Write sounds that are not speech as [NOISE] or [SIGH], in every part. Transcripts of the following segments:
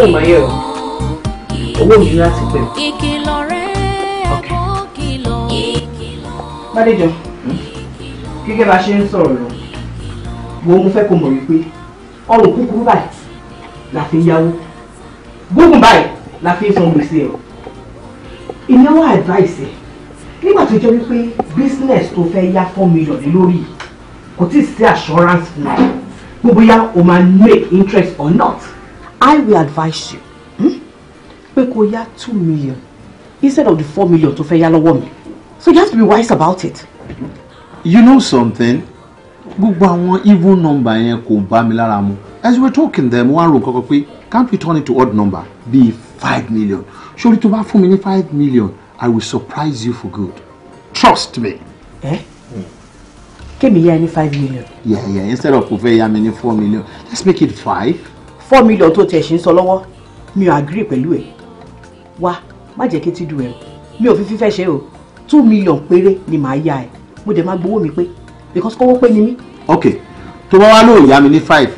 owó mà yẹ o owó mi láti pẹ. Bádéjọ gẹ́gẹ́ bá a ṣe ń sọ̀rọ̀ lọ mo mú fẹ́ kó mọ̀ wípé ọrùn kúkúrú báyìí la fi ń yáwó gúngùn báyìí la fi ń san gbèsè ẹ̀ ìnáwó advice ẹ̀ nígbà tó jẹ́ wípé business tó fẹ́ yá four million lórí kò tí ì sí assurance fún ẹ gbogbo yá o máa make interest or not. I will advise you hmm? pé kó two million instead of the four million to fẹ́ yá lọ́wọ́ mi so you have to be wise about it. you know something gbogbo àwọn even number yẹn kò bá mi lára mu as we were talking them, one room kọ́kọ́ pé can't we turn it to odd number Be five million sori to bá fún mi ní five million I will surprise you for good trust me. Eh? kémi yá ẹ ní five million. yeah yeah instead of kò fẹ́ yá mi ní four million let's make it five four million tó tiẹ̀ ṣe ń sọ lọ́wọ́ mi ò agree pẹ̀lú ẹ̀ wá má jẹ́ kí tídu ẹ̀ mi ò fi fífẹ́ ṣe o two million péré ni màá yá ẹ mo dẹ̀ máa gbowó mi pé because kówó pé ni mí. ok tó bá wá lóò yá mi ní five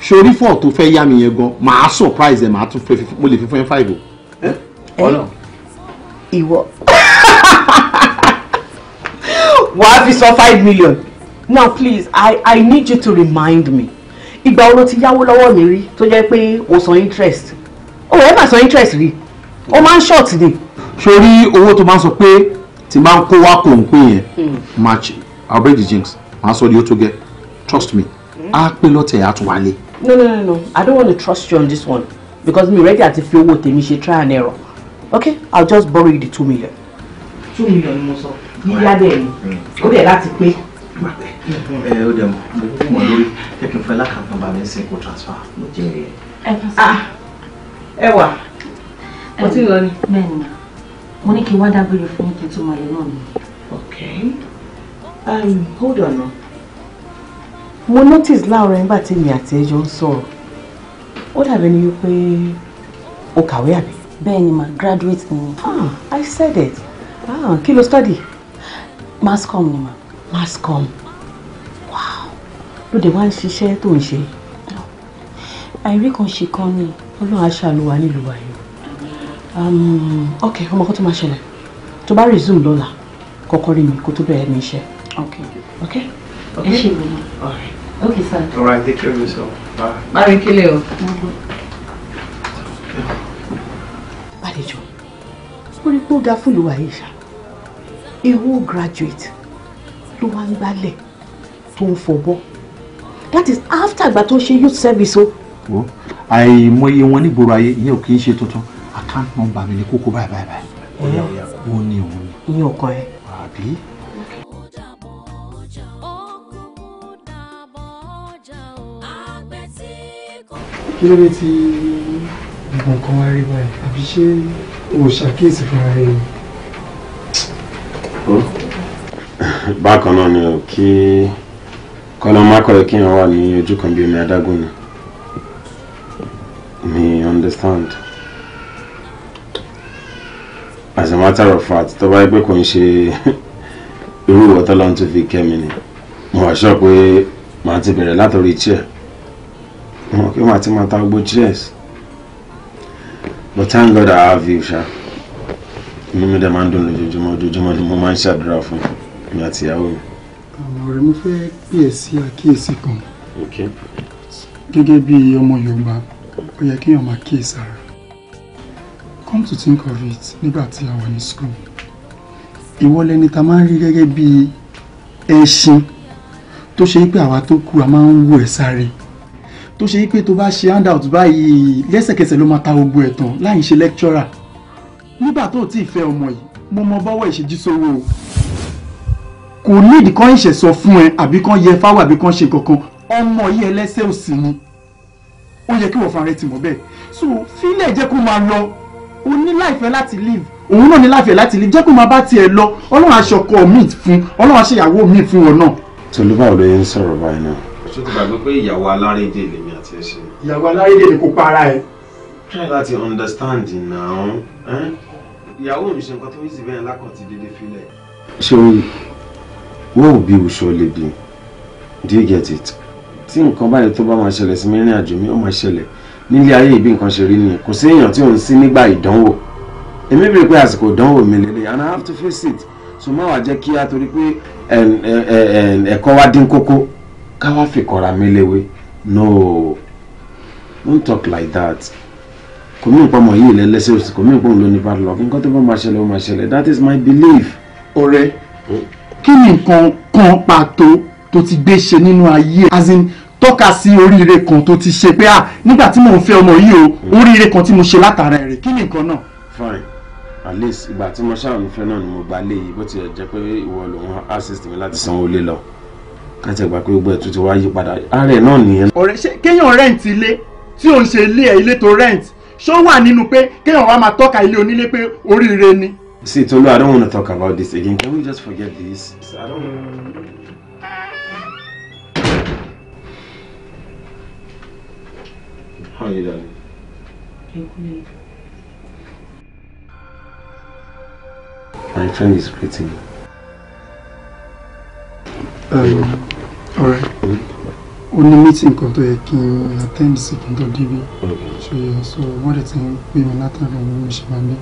sori four tó fẹ́ yá mi yẹn gan màá surprise ẹ̀ màá tún fẹ́ mo lè fi fún ẹ five o. ọ̀nà ìwọ wàá fi sọ five million now please i i need you to remind me ìgbà wo ló ti yáwó lọ́wọ́ mi rí tó jẹ́ pé mo san interest o ẹ̀ máa san interest rí o máa ń short ni. sórí owó tó máa ń sọ pé tí máa ń kó wá kò ń pè yẹn match hmm. I'll break the jinx màá sọ di ó tó gẹ trust me á hmm. pé lọ́tẹ̀ á tún wálé. no no no no I don't want to trust you on this one because mi ready àti fi owó tèmi ṣe try and error okay I'll just borrow you the two million. two million ni mo sọ yíyá bẹ́ẹ̀ ni hmm. ó dẹ̀ láti pé gbà pé ẹ ó dẹ̀ mo kú mọ̀ lórí jẹ́ kí transfer mo jẹ́ rí ẹ. Ah, ẹ wà mo ti lọ ni. bẹ́ẹ̀ ni mo ní kí n wá okay um, hold on now. mo notice láàárọ̀ nígbà tí èmi àti ẹjọ́ ń sọ̀rọ̀ ó dàbí ni pé o kàwé àbí. bẹ́ẹ̀ ni ma graduate ni. ah i said it ah kí ló study. mass com ni ma. Mascom wow ló dé wá ń ṣiṣẹ́ tó ń ṣe àìrí kan ṣe kan ni ọlọ́run aṣáájú wa nílùú wa yìí um, ok ọmọ kan tó máa ṣẹlẹ̀ tó bá resume lọ́la kọ́kọ́ rí mi kó tó bẹ̀rẹ̀ mi iṣẹ́ ok ok ẹ ṣe ìwé náà all right ok sir. all right take care of yourself bye. bárí kílẹ̀ o. bàdéjọ́ ó rí pé ó ga fún ìlú wa yìí ṣá a graduate ló wá ń gbálẹ̀ tó ń fọ̀bọ́ that is after ìgbà tó ṣe youth service o. wo àìmọye wọn nígboro ayé ìyẹn ò kì í ṣe tuntun account number mi ni kókó báyìí báyìí báyìí òun ni òun ni. iye ọkọ ẹ. àbí. kí ló dé tí gbogbo nǹkan wá rí báyìí àbí ṣé o ṣàkíyèsí fúnra rẹ ni bákan náà ni kí kọ́lọ́ mákọ̀ọ́ kí wọ́n wà ní ojú kan bí omi adágún ni mi understand as a matter of fact tó bá yẹ pé kò ń ṣe [LAUGHS] irú ìwọ tó lọ́n tún fi kẹ́ mi ni mo wà sọ pé màá ti bẹ̀rẹ̀ látọ̀rí chair mo kí màá ti máa ta gbogbo chairs but thank God I have you ṣá inú mi dẹ̀ máa ń dùn lójoojúmọ́ ojoojúmọ́ ni mo máa ń ṣàdúrà fún yín èmi àti ìyàwó mi. ọ̀rẹ́ mo fẹ́ pè ẹ́ sí àkíyèsí kan. gẹ́gẹ́ bí ọmọ Yorùbá ó yẹ kéèyàn máa kíyèsára come to think of it nígbà tí a wà ní school ìwọ lẹni tá máa ń rí gẹ́gẹ́ bí ẹṣin tó ṣe pé àwa tó kù a máa ń wò ẹ́ sáré tó ṣe pé tó bá ṣe handout báyìí lẹ́sẹ̀kẹsẹ̀ ló máa ta gbogbo ẹ̀ tán láì ṣe lecturer nígbà tó ti fẹ́ ọmọ yìí mo mọ bọ́wọ́ ìṣèjú sówó o kò nídìí kan ìṣẹ̀ sọ fún ẹ àbí kan yẹ fáwọn àbí kan ṣe kankan ọmọ yìí ẹlẹ́sẹ̀ òsì ni ó yẹ kí wọ́n fara ẹ ti mọ̀ bẹ́ẹ̀ so fílẹ̀ jẹ́ kó máa lọ o ní láìfẹ́ láti live òun náà ní láìfẹ́ láti live jẹ́ kó máa bá tiẹ̀ lọ ọlọ́run aṣọkọ mi fún ọlọ́run aṣèyàwó mi fún ọ náà. tolúbà ò lóye ń sọ̀rọ̀ báyìí náà. ṣé kò gbàgbé pé ìyàwó alárédè lèmi àti ẹ ṣe. ìyàwó alárédè ni kò para ẹ. try láti understand now. Eh? ìyàwó mi ṣe nǹkan tó yí sí bẹ́ẹ̀ lákàn ti dédé fílẹ̀. ṣé o Woe be will surely be. Do you get it? Tí nǹkan báyìí tó bá máa ṣẹlẹ̀ sí mi rìn àjò mi ó máa ṣẹlẹ̀ nílé ayé ìbí nǹkan ṣe rí nìyẹn kò sí èèyàn tí ò ń sí nígbà ìdánwò èmi bèrè pé àsìkò ìdánwò mi lélẹ̀ and I have to face it so má wàá jẹ́ kí á torí pé ẹ̀kọ́ wa dín kókó ká wá fi kọ́ra mi léwe no don't talk like that kò mí nǹkan mọ̀ yìí lẹ́lẹ́sẹ̀ òsì kò mí nǹkan lónìí bá lọ nǹkan tó bá máa ṣẹlẹ̀ ó máa ṣẹlẹ̀ that is my belief. ọ̀rẹ́. Hmm? kí ni nǹkan kan pàtó tó ti gbé ṣe nínú ayé as in tọ́ka sí oríire kan tó ti ṣe pé à ah, nígbà tí mò ń fẹ́ ọmọ yìí o oríire kan tí mo ṣe látara rẹ̀ kí ni nǹkan náà. fine at least ìgbà tí mo ṣàwọn ìfẹ́ náà ni mo gba lé yìí bó tilẹ̀ jẹ́ pé ìwọ lòun assist mi láti sanwó lé lọ kájà ìgbà pé gbogbo ẹ̀ tún ti wá yí padà ààrẹ náà nìyẹn. ọ̀rẹ́ ṣe kéèyàn rent ilé tí òun ṣe ilé ẹ̀ ilé tó rent ṣó wà nínú pé kéèyàn wá máa tọ́ka ilé onílé See, Tolu, I don't want to talk about this again. Can we just forget this? I don't How are you, darling? My friend is waiting. Um, alright. Hmm? On the meeting kan tó yẹ kí n attend sí kí n So, débí. So, wọ́n dẹ̀ ti ń pè mí látàrí ọ̀rọ̀ ìṣèlú àbí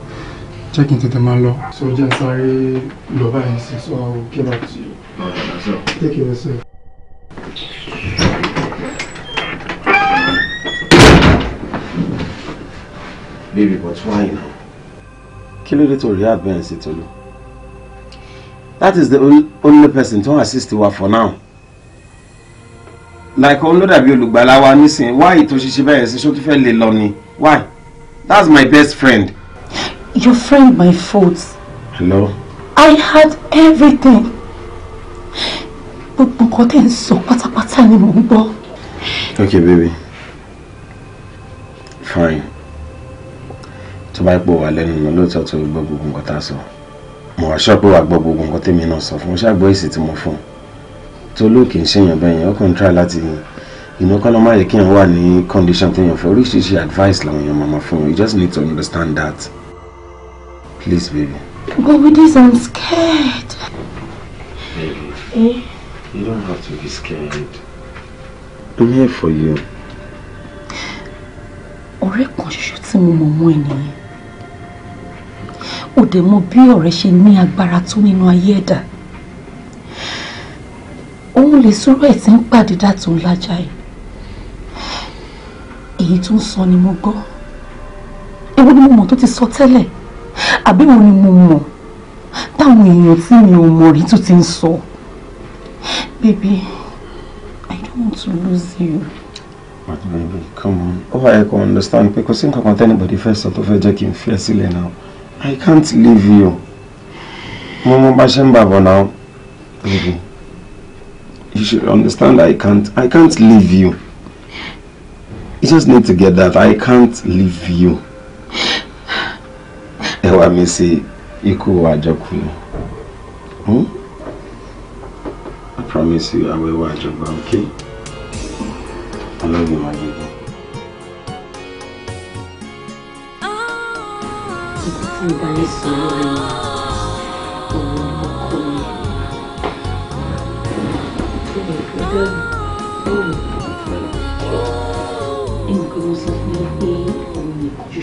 jẹ́ kí n tètè máa lọ so sáré lọ báyìí sí so I will get back you. ọ̀rọ̀ náà sọ. take care of Baby, but why now? Kí ló dé tó rí àbẹ̀rẹ̀ sí Tolú? That is the only, person tó assist wa for now. Like òun ló dàbí olùgbàlà wa nísìnyí, why tó ṣiṣẹ́ bẹ̀rẹ̀ sí ṣó tó fẹ́ lè lọ ni? Why? That's my best friend. Your friend, my fault. Hello? I had everything. but nǹkan tẹ́ ń sọ pátápátá ni mò ń Okay, baby. Fine. To bá pò wá lẹ́nu mi lóòótọ́ tó gbọ́ gbogbo nǹkan tá a sọ. Mo wá sọ pé wàá gbọ́ gbogbo nǹkan tèmi náà sọ fún. Mo ṣàgbọ́ èsì tí mo fún. Tó lóòkè ń ṣèyàn bẹ́ẹ̀ yẹn, ó kàn ń try láti ìnáwó kọ́nà máa yẹ kí èèyàn wà ní advice làwọn èèyàn máa ma You just need to understand that. Please, baby. But with this, I'm scared. Baby, eh? you don't have to be scared. I'm here for you. Ọ̀rẹ́ kan ṣoṣo tí mo mọ̀ mọ́ ènìyàn. Ó dẹ̀ mọ̀ bí ọ̀rẹ́ ṣe ní agbára tó nínú ayé ẹ̀dá. Òun lè sọ̀rọ̀ ẹ̀ tí ń pàdé dàtún lájà yìí. Èyí tó ni mo gbọ́. Èwo ni mo mọ̀ tó ti sọ tẹ́lẹ̀? àbí mo ni mo mọ̀ táwọn èèyàn tí mi ò mọ̀ rí tó ti ń sọ. baby i don't want to lose you. but baby come on ó wà ẹ̀kọ́ understand pé kò sí nǹkan kan tẹ́nibọ̀dì fẹ́ sọ tó fẹ́ jẹ́ kí n fi ẹ́ sílẹ̀ náà i can't leave you mo mọ bá ṣe ń bàbọ̀ náà baby you should understand i can't i can't leave you you just need to get that i can't leave you ẹ mi sí ikú àjọkù ni. Hmm? I promise you, I will watch your okay? I love you, my baby.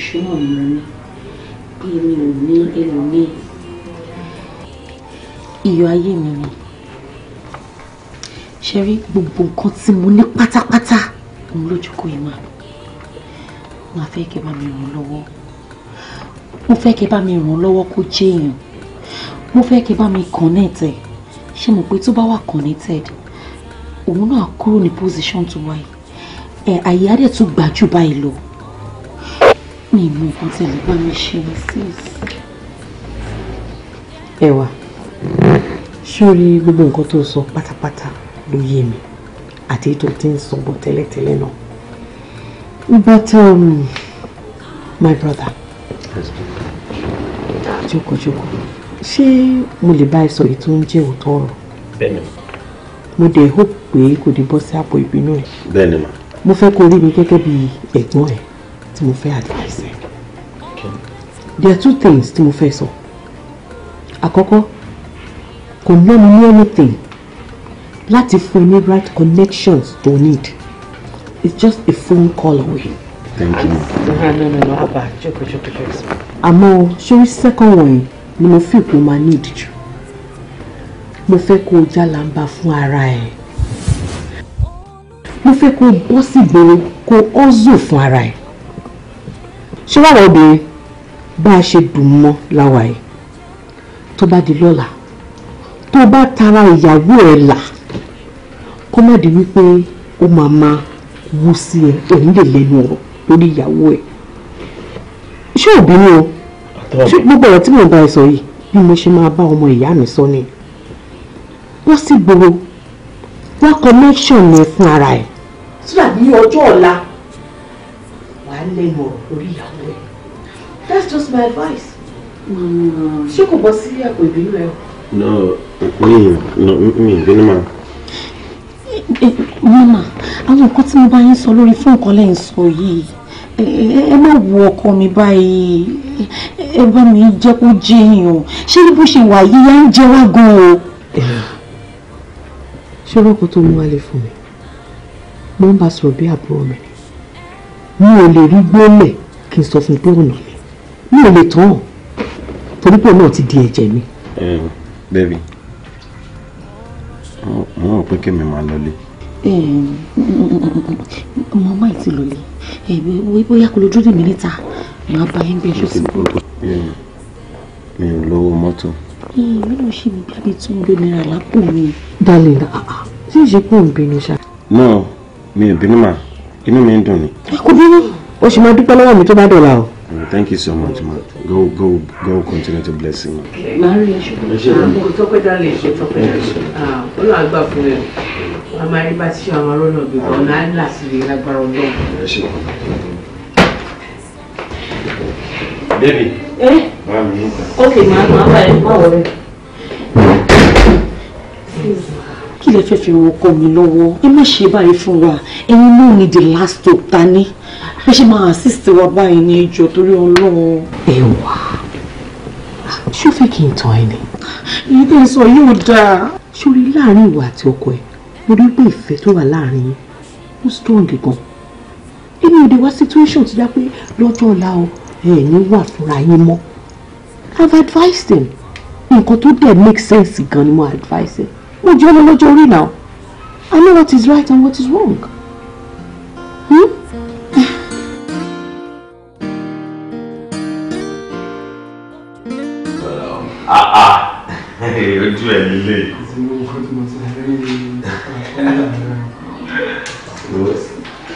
tí ìgbà èmi ò ní ẹlòmíì iyọ̀ ayé mi ni ṣe rí gbogbo nǹkan tí mo ní pátápátá òun lójúkọ yìí mà máa fẹ́ kẹ́ bá mi ràn lọ́wọ́ mo fẹ́ kẹ́ bá mi ràn lọ́wọ́ kó jẹ́ èèyàn mo fẹ́ kẹ́ bá mi connect ẹ̀ ṣe mọ̀ pé tó bá wà connected òun náà kúrò ní position tó wáyé ẹ̀ àyè á dẹ̀ tún gbà jù báyìí lọ mi ìmọ̀ nǹkan tí lè bá mi ṣe sis. ẹwà sórí gbogbo nǹkan tó sọ pátápátá ló yé mi àti ètò tí ń sọ bọ̀ tẹ́lẹ̀tẹ́lẹ̀ náà but um, my brother jókòjókò ṣé mo lè bá ẹ sọ èyí tó ń jẹ́ òótọ́ ọ̀rọ̀. bẹ́ẹ̀ni ma. mo dẹ̀ hope pé kò ní bọ́ sí àpò ìbínú rẹ̀. bẹ́ẹ̀ni ma. mo fẹ́ kó rí mi gẹ́gẹ́ bí ẹ̀gbọ́n ẹ̀ tí mo fẹ́ advice ẹ there are two things tí mo fẹ́ sọ àkọ́kọ́ kò lọ́nu ní anything láti fún ẹ ní right connections to need it's just a phone call away. thank you. no no no no abba jókòó jókòó jókòó. àmọ́ ṣórí second one ni mo fi ìpò máa need jù mo fẹ́ kó o jálàmbá fún ara ẹ̀ mo fẹ́ kó o bọ́ sí ìgboro kó o ọ́zò fún ara ẹ̀ ṣé wàá wọ obìnrin bá a ṣe dùn mọ́ láwa yìí tó bá di lọ́la tó bá tara ìyàwó ẹ̀ là kó má di wípé ó máa máa wú sí ẹ òun lè lẹ́nu ọ̀rọ̀ lórí ìyàwó ẹ̀ ṣé òbí ni o ṣé gbogbo ọ̀rọ̀ tí mò bá ẹ sọ yìí bí mo ṣe máa bá ọmọ ìyá mi sọ ni wọ́n sì gbòòrò wá connection yẹn fún ara ẹ̀. sódà ní ọjọ́ ọ̀la wàá lẹ́nu ọ̀rọ̀ lórí ìyàwó that's just my advice. ṣé kò bọ́ sí àpò ìbínú ẹ no mi no mi ìbínú mà. mama àwọn nǹkan tí mo bá yín sọ lórí fún nǹkan lẹ́yìn sọ yìí ẹ má wo ọkọ mi báyìí ẹ bá mi jẹ́ kó jẹ́ èèyàn ṣé ní bó ṣe wà yìí yá ń jẹ́ wá gan-an. ṣé orúkọ tó mú wálé fún mi mo ń bá sọ̀rọ̀ bí àbúrò mi mi ò lè rí gbólẹ̀ kí n sọ fún pé ọ̀nà mi mi ò lè tán torí pé náà ti di ẹ̀jẹ̀ mi. bẹ́ẹ̀ni mo rò pé kémi máa lọlé. ọmọ ọmọ yìí ti lọlé bóyá kò lójú mi níta màá bá yín bí ẹ ṣe sí. mi ò lówó mọ́tò. mi ò ṣe mi gbàgbé tó ń gbé náírà lápò mi. dalẹ̀ ṣé ìṣepọ̀ ń bínú ṣá. náà mi ò bínú mà inú mi ń dùn ni. kò bínú o sì máa dúpẹ́ lọ́wọ́ mi tó bá dọ̀la o. Well, thank you so much, Matt. Go, go, go. Continue to bless him. Maria, David. Eh? Okay, ma. Ma, ma, ma, ma kí lè fẹ́ fi wọn kọ́ mi lọ́wọ́ ẹ má ṣe báyìí fún wa ẹ̀yin náà ni the last hope ta ní ẹ ṣe máa assist wa báyìí ní ẹjọ́ torí ọlọ́run. ẹ wá ṣó fẹ́ kí n tan ẹ èyí tẹ́ ń sọ yóò dáa. sórí láàrin ìwà àti ọkọ ẹ mo rí pé ìfẹ́ tó wà láàrin yín ó strong gan. èmi ò wá situation ti dá pé lọ́jọ́ ọ̀la o ẹ̀ wà fúnra yín mọ́. I've advised them nǹkan tó dẹ̀ make sense gan ni mo advise them mo jẹ́ ọmọ lọ́jọ́ orí náà I know what is right and what is wrong. Hmm? Ah, ah. [LAUGHS] ojú ẹ̀ nílé.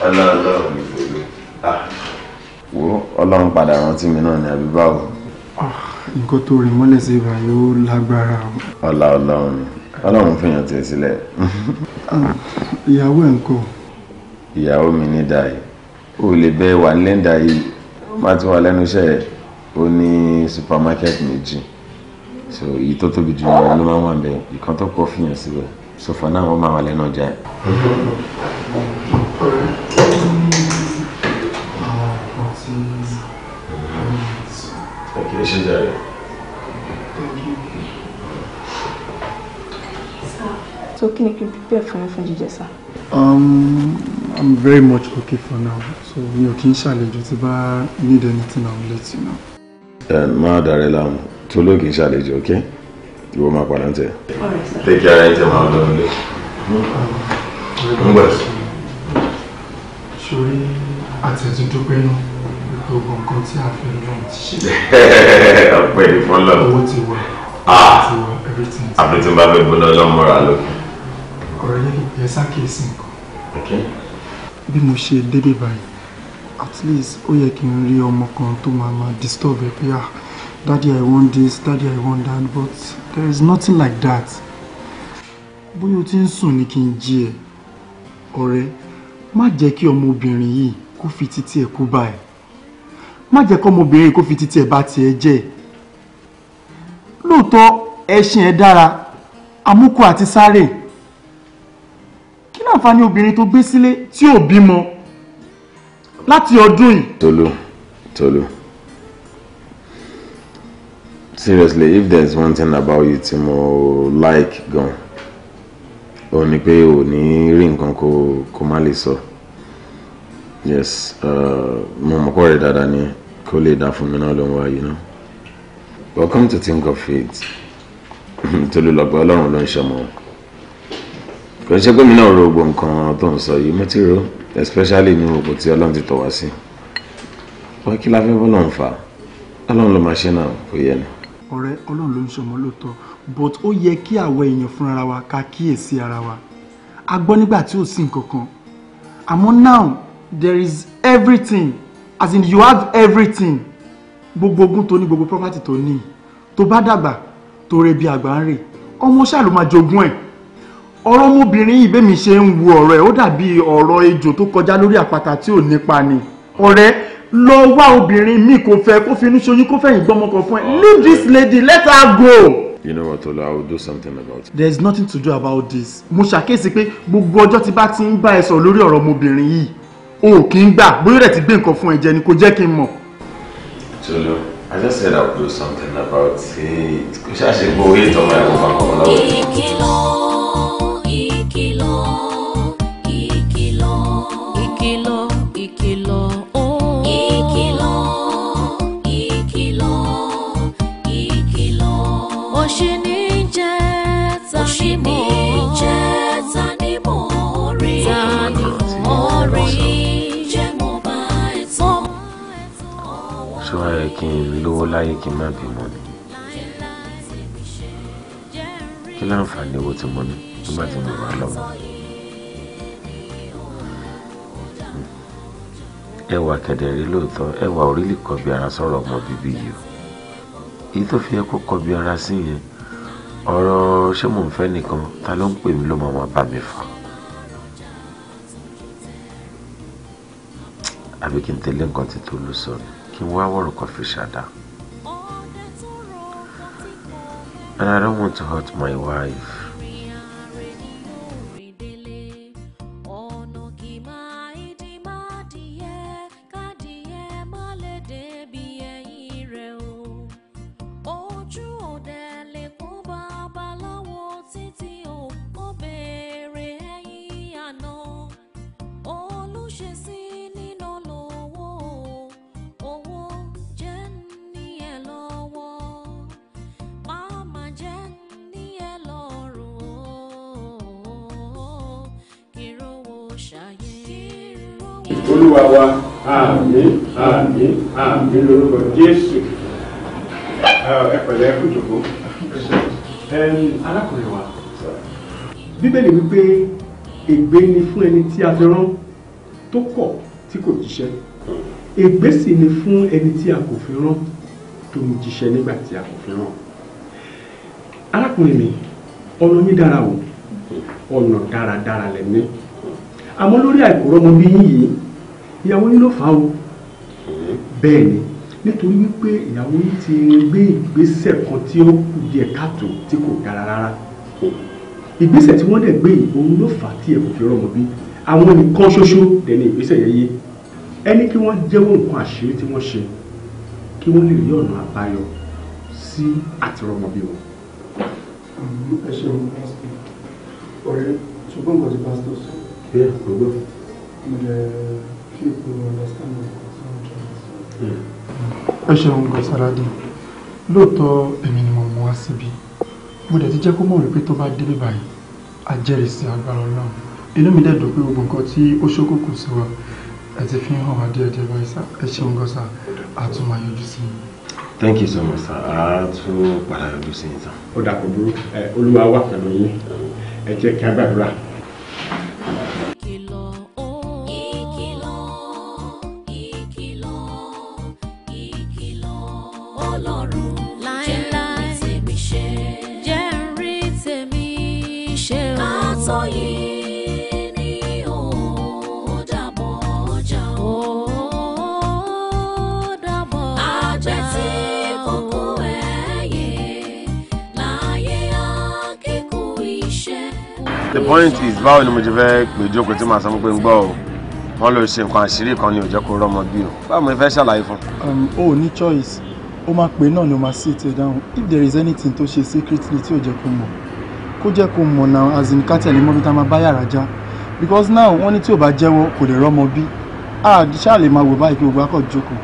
ọlọ́ọ̀lọ́ọ̀ mi kò lò. wo ọlọ́run padà rántí mi náà ní àbí báwo. Ah, nǹkan tó rí mọ́lẹ̀ sí ibà yóò lágbára. ọlá ọlọ́run ni ọlọ́run fìyàn tiẹ̀ sílẹ̀. ìyàwó ẹ̀ ń kọ́. ìyàwó mi ní dàí o lè bẹ́ẹ̀ wà ní lẹ́ńdà yìí má ti wà lẹ́nu iṣẹ́ ó ní supermarket méjì so èyí tó tóbi jù lọ ló máa ń wà ń ìkan tó kọ́ fìyàn síbẹ̀ so for now wọ́n máa wà lẹ́nu ọjà yẹn. Thank you, Shazari. So can you prepare for me for Jesus? Um, I'm very much okay for now. So mi ò kí ń ṣàlejò tí need anything I'll let you know. Ẹ eh, darling, dàrẹ́ láàmú, tó ló kì í ṣàlejò, okay? Ìwọ máa padà ń tẹ̀. Take care ẹ̀ ń tẹ̀ máa lọ nílé. Ngbẹ̀. Sori àtẹ̀túndúpẹ́ náà gbogbo nǹkan tí a fi lọ́n ti ṣe. Ọ̀pẹ̀ ìfọ́nlọ́. Owó ti wà. Ah! Everything. Àbí tí n bá fẹ́ gbóná lọ́mọ́ra lókè ọ̀rọ̀ yẹ ṣàkíyèsí nǹkan. bí mo ṣe débè báyìí at least ó yẹ kí n rí ọmọ kan tó máa máa disturb ẹ pé ah daddy i want this daddy i want that but there is nothing like that. bóyá o ti ń sùn ni kí n jí ẹ ọ̀rẹ́ má jẹ́ kí ọmọbìnrin yìí kó fi títí ẹ̀ kú bá ẹ̀ má jẹ́ kí ọmọbìnrin yìí kó fi títí ẹ̀ bá tiẹ̀ jẹ́ lóòótọ́ ẹṣin ẹ̀ dára àmúkù àti sáré láǹfààní obìnrin tó gbé sílé tí ò bímọ láti ọdún yìí. Tolu Tolu seriously if there is one thing about you tí mo like gan o ni pé o ní rí nǹkan kó kó má lè sọ yes uh, mo mọ̀ kọ́ rẹ̀ dáadáa ni kó lè dá fún mi náà ló yìí náà but come to think of it [LAUGHS] Tolu lọ́gbà ọlọ́run ló ń ṣọmọ o kò ṣe pé mi náà ro gbogbo nǹkan tó ń sọ yìí mo ti ro especially ní òpó tí ọlọ́run ti tọ̀ wá sí wọ́n kí la fẹ́ bọ́lọ̀ ń fà ọlọ́run ló máa ṣe náà kò yẹ ni. ọ̀rẹ́ ọlọ́run ló ń ṣọmọ lóòótọ́ but ó yẹ kí àwọn èèyàn fúnra wa ká kíyèsí ara wa a gbọ́ nígbà tí ò sí nǹkan kan àmọ́ now there is everything as in you have everything gbogbo ogún tó ní gbogbo property tó ní tó bá dàgbà tó rẹ bí àgbà ń rè ọmọ ṣáà ló máa jogún ẹ̀ ọ̀rọ̀ ọmọbìnrin yìí ṣe ń wo ọ̀rọ̀ ẹ̀ ó dàbí ọ̀rọ̀ ejò tó kọjá lórí àpáta tí ò nípa ni ọ̀rẹ́ lọ wá obìnrin míì kò fẹ́ kó finú ṣoyún kó fẹ̀yìn gbọ́mọ kan fún ẹ leave this lady let her go. You know what, Ola, I will do something about it. There is nothing to do about this. Mo ṣàkíyèsí pé gbogbo ọjọ́ tí bá ti ń bá ẹ sọ lórí ọ̀rọ̀ ọmọbìnrin yìí, o ò kí ń gbà bóyá rẹ̀ ti gbé nǹkan fún ẹ jẹ ni kò jẹ́ kí n mọ̀. Tolu, I just said I will do something about it. Kò ṣàṣe gbowó ìtọ́ máa ń wọ fún ọmọ náà. má yẹ kí n lówó láyé kí n má bímọ ni kí láǹfààní owó tí mo ní nígbà tí mo bá lọ́wọ́ ẹwà kẹdẹrí lóòótọ́ ẹwà orílẹ kọbi ara sọ̀rọ̀ ọmọ bíbí yìí o èyí tó fi yẹ kó kọbi ara sí yẹn ọ̀rọ̀ ṣé mò ń fẹ́ nìkan ta ló ń pè mí ló máa máa bá mi fà àbí kí n tẹ̀lé nǹkan tí Tolú sọ ni kí n wá wọ̀rọ̀ kan fi And I don't want to hurt my wife. olúwa wa àmín àmín àmín lórúkọ jésù ẹ pẹ̀lẹ́ kú jòkó arákùnrin wa bíbélì wípé ègbé ni fún ẹni tí a fi rán tó kọ̀ tí kò jíṣẹ́ ègbé sì ni fún ẹni tí a kò fi rán tó ń jíṣẹ́ nígbà tí a kò fi rán arákùnrin mi ọ̀nà yín dára o ọ̀nà dáradára lẹ́ni àmọ́ lórí àìkúrọ́mọbí yín yìí ìyàwó yín ló fà á o mm-hmm. bẹ́ẹ̀ ni nítorí wípé ìyàwó yín ti gbé ìgbésẹ̀ kan tí ó kù díẹ̀ káàtó tí kò dára rárá oh. ìgbésẹ̀ tí wọ́n dẹ̀ gbé yìí òun ló fà á tí ẹ̀ kò fi rọ́mọ bí àwọn nìkan ṣoṣo dẹ̀ ni ìgbésẹ̀ yẹn yé ẹni kí wọ́n jẹ́wọ́ nǹkan àṣírí tí wọ́n ṣe kí wọ́n lè rí ọ̀nà àbáyọ sí àtirọ́mọ bí wọn. Mm-hmm. ẹ ṣeun ọ̀rẹ́ ṣùgbọ́n nǹkan ti pásítọ̀ sọ. bẹ́ẹ̀ gbogbo ẹ ṣeun gan lóòótọ́ èmi ni mo mú wá síbi mo dẹ̀ ti jẹ́ kó mọ̀ wípé tó bá délé báyìí a jẹ́rìí sí agbára Ọlọ́run inú mi dẹ̀ pé gbogbo nǹkan tí ó ṣókùnkùn sí wa ẹ ti fi hàn wá báyìí sá ẹ ṣeun gan a tún máa yọjú sí i. thank you so much sir a tún padà yọjú sí i sá. ó dà kó olúwa wà pẹ̀lú yín ẹ jẹ́ kí a gbàdúrà. the point is báwo ni mo ti fẹ́ pèjọ kò tí màá sọ pé ń gbọ́ o wọ́n lọ ṣe nǹkan àṣírí kan ni ò jẹ́ kó rọ́mọ bí o báwo mo fẹ́ ṣàlàyé fún. Um, o ò ní choice ó máa pè náà ni ó máa sit ẹ down if there is anything tó ṣe secretly tí ò jẹ́ kó mọ̀ kó jẹ́ kó mọ̀ náà as in kátẹ́ lè mọ bí tá a máa bá yàrá já because now wọ́n ní tí ò bá jẹ́wọ́ kò lè rọ́mọ bí a ṣáà lè máa wò báyìí kí gbogbo akọ̀ jókòó.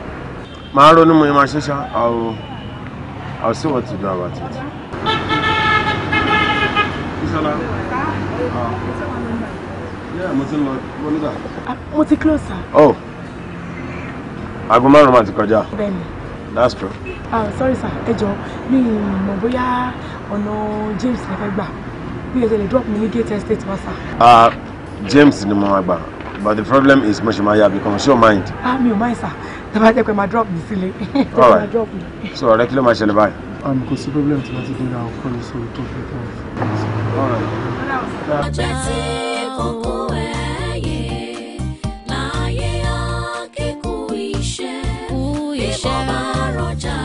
màá ronú mo yẹn máa ṣe ṣá I'll I'll see what to do about it. Isala. Ah, mo ti close sir. oh aago márùn-ún máa ti kọjá. bẹ́ẹ̀ni. that's true. ah sorry sir ẹ jọ̀ọ́ mi mọ̀ bóyá ọ̀nà James lè fẹ́ gbà mi ò tẹ̀lé drop mi ní gate estate wa sir. ah James ni mo máa gbà but the problem is mo ṣe máa yà because your mind. ah mi ò mind sir tẹ bá jẹ pé máa drop mi sílé. [LAUGHS] all right so ọ̀rẹ́ kí ló máa ṣẹlẹ̀ báyìí. àmì um, kò sí problem tí wọ́n ti dé ra ọkọ mi sórí tó fẹ́ fún mi. all right.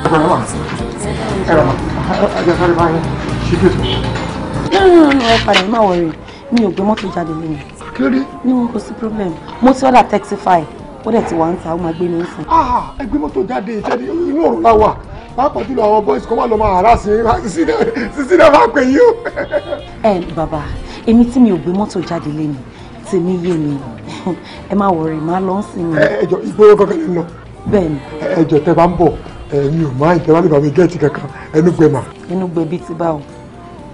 Ẹ̀rọ mà ẹ̀rọ mà ẹ̀jẹ̀ sáré báyìí ṣí bí ètò. Ẹ padà má wọrí mi ò gbé mọ́tò jáde lónìí. Kí ló dé? Ní wọn kò sí problem. Mo ti ọ̀dà Texify ó dẹ̀ ti wà ń ta ó Ah, gbé mi fún. Ẹ gbé mọ́tò jáde ìṣẹ́ni inú òrùn la wà boys kan wà lọ máa hàrá sí sísí náà máa pè yín o. Ẹ bàbá èmi tí mi ò gbé mọ́tò jáde lénìí tèmi yé mi ẹ má wọrí má lọ ń sinmi. Ẹ jọ ìgbéró kankan lè lọ. Bẹ́ẹ̀ni. Ẹ jọ tẹ bá ẹ̀mí ò máa ń tẹ́wá lè bá mi gẹ́ẹ̀tì kankan ẹnu gbẹ mà. inú gbẹ bíi ti báwo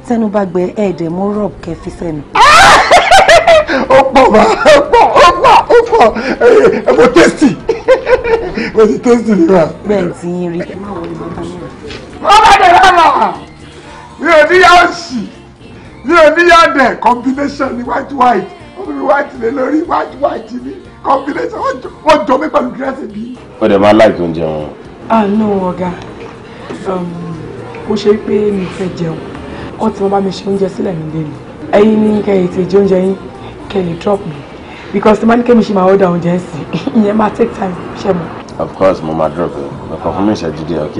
tẹnu bá gbẹ ẹ̀ẹ́dẹ̀ mo rọ̀ kẹ́ fi sẹ́nu. ó pọ̀ mà ó pọ̀ ó pọ̀ ó pọ̀ ẹ mo tẹ́sì mo ti tẹ́sì ni mà. bẹ́ẹ̀ ti yín rí wọ́n bá dẹ̀ lọ́nà mi ò ní yá òsì mi ò ní yá dẹ̀ combination ni white white white lé lórí white white ni combination wọ́n jọ mi pẹ̀lú gírẹ́sì bí. ó dẹ̀ máa láìpẹ́ oúnjẹ wọn ah no ọ̀gá mo um, ṣe pé mi fẹ́ jẹun wọ́n ti wọ́n bá mi ṣe oúnjẹ sílẹ̀ nílé ni ẹ̀yin ní kẹ́ ètò ìjẹ oúnjẹ yín kẹ́ drop me because tí máa ní kẹ́mi ṣe máa order oúnjẹ sí [LAUGHS] ìyẹn máa take time ṣe mọ́. of course mo máa drop ẹ ọkọ fún mi ìṣẹ́jú díẹ̀ ok.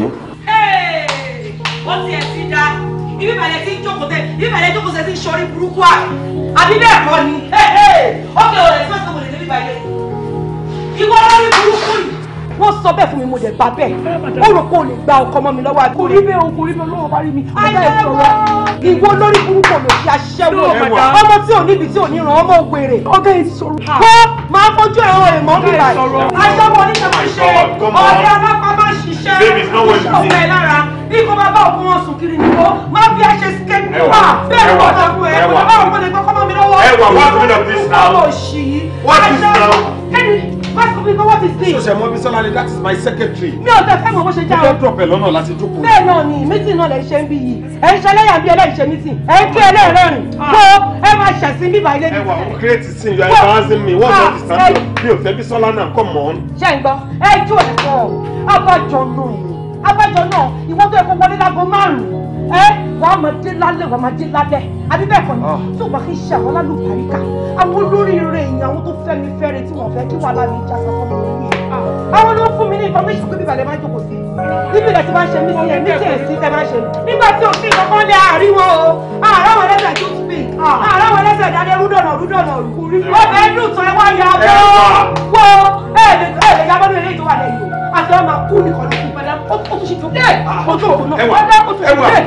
wọ́n ti ẹ̀ ti da ibi ìbàlẹ̀ tí ń jókòó tẹ ibi ìbàlẹ̀ jókòó tẹ ti ń ṣọrí burúkú à àbí bẹ́ẹ̀ kọ́ ni ó kẹ́ ọ̀rẹ́ sí ọ̀sẹ̀ mo lè débi ìbàlẹ̀ ìwọ lórí burúkú yìí wọ́n sọ bẹ́ẹ̀ fún mi mo dẹ̀ gbà bẹ́ẹ̀ ó rò pé o lè gba ọkọ mọ́ mi lọ́wọ́ àbí. kò rí bẹ́ẹ̀ o kò rí bẹ́ẹ̀ olówó bá rí mi. àyẹ̀wò ìwọ lórí burúkú lò fi aṣẹ́wó ọmọ tí ò níbi tí ò ní ràn ọmọ ògbèrè. ọgá yìí sọ̀rọ̀. kó máa fojú ẹ̀rọ ìmọ̀ mi báyìí. aṣọ́wó oníṣẹ́ máa ṣe ọ̀rẹ́ alápá máa ṣiṣẹ́ ọ̀pẹ lára bí kò bá bá òkú wọn sùn kiri nìkó má fi àṣẹ skate pa bẹ́ẹ̀ kọ́ ta fún ẹ kó bá òkú lè tọ́kọ́ mọ́ mi lọ́wọ́. ẹwà wá fún mi náà please now. ọmọ òṣì yìí. wá please now. First of all, what is this? Ṣọ̀ṣẹ̀ mọ́ Bísọ́lá ni that is my secretary. Mi ò tẹ fẹ́ mọ̀ bó ṣe já o. Mo fẹ́ drop ẹ̀ lọ́nà láti jókòó. Bẹ́ẹ̀ náà ni meeting náà lè ṣe ń bí yìí. Ẹ ń ṣe ẹlẹ́yà bí ẹlẹ́yìn ṣe meeting. Ẹ ń kí ẹlẹ́rẹ́rìn. Kó ah. ẹ máa ṣẹ̀sìn bíbá ilé mi. Ẹ wà ó create sin you are embarrassing me. Wọ́n yóò dìsán mi. Mi ò fẹ́ Bísọ́lá náà, come on. Ṣé ń gbọ́? Ẹ jó ẹ̀kọ́. Abájọ náà abájọ náà ìwọ́n tó yẹ kó wọlé láago márùn-ún ẹ wàá máa dé lálẹ́ wàá máa dé lálẹ́ àbí bẹ́ẹ̀ kọ́ ni ah. tó bá kí n ṣe àwọn lálùbáríkà àwọn olóríire èèyàn àwọn tó fẹ́ mi fẹ́re tí wọ́n fẹ́ kí wàá láàmì ìjà sọ́kọ́ mi nìyí ah. àwọn ló fún mi ní information pé bíbalẹ̀ máa jókòó sí níbi ìlẹ̀ tí wọ́n ṣe mí sí ẹ̀ ní tí ẹ̀ sí tẹ́ máa ṣe nígbà tí òfin kankan lé àríwọ̀ o ah, àràwọ̀ lẹ́sẹ̀ tó tún bì àràwọ̀ lẹ́sẹ̀ dáadé rúdọ̀nà rúdọ̀nà òrùkú rí wọ́n fẹ́ẹ́ tán ẹ wá yà á wọ́ ẹ̀ẹ́dẹ̀ẹ́dẹ̀ yàgbọ́n ní ilé ìjọba lẹ́yìn tó máa kú nìkan ló kú padà ó tó ṣe tó dé ọjọ́ òun náà padà ó tó ṣe dé.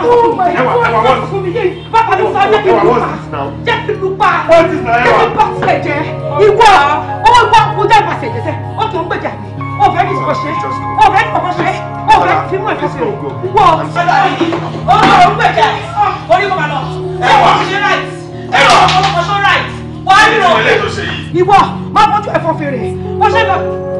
Oh my God! Bàbá mi sọ jẹ́ kí n lupa. Jẹ́ kí n lupa. Jẹ́ kí n bá sílẹ̀ jẹ́. Ìwọ owó ìwọ kò jẹ́ ìbàṣẹ̀ jẹ́ sẹ́. Ó tún ń gbèjà mi. Ọ̀fẹ́ ní ìkọ̀ṣẹ́. Ọ̀fẹ́ ní ìkọ̀ṣẹ́. Ọ̀fẹ́ tí mo ẹ̀fẹ́ sí. Wọ ọ̀fẹ́ yìí. Ó lọ ń gbèjà. Orí mo máa lọ. Ẹ wà. Ẹ wà. Ọmọ kan tó ráìtì. Wà á fèrè. Ó ṣe é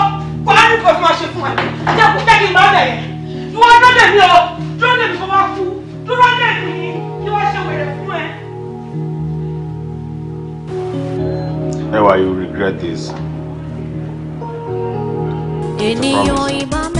kò á ní kò fi máa ṣe fún ẹ jẹ́kù jẹ́ kí n bá bẹ̀ yẹn dúró dè mí o dúró dè mí kó máa kú dúró dè mí kí wọ́n ṣe wèrè fún ẹ. Ewa, you regret this. ènìyàn ìbá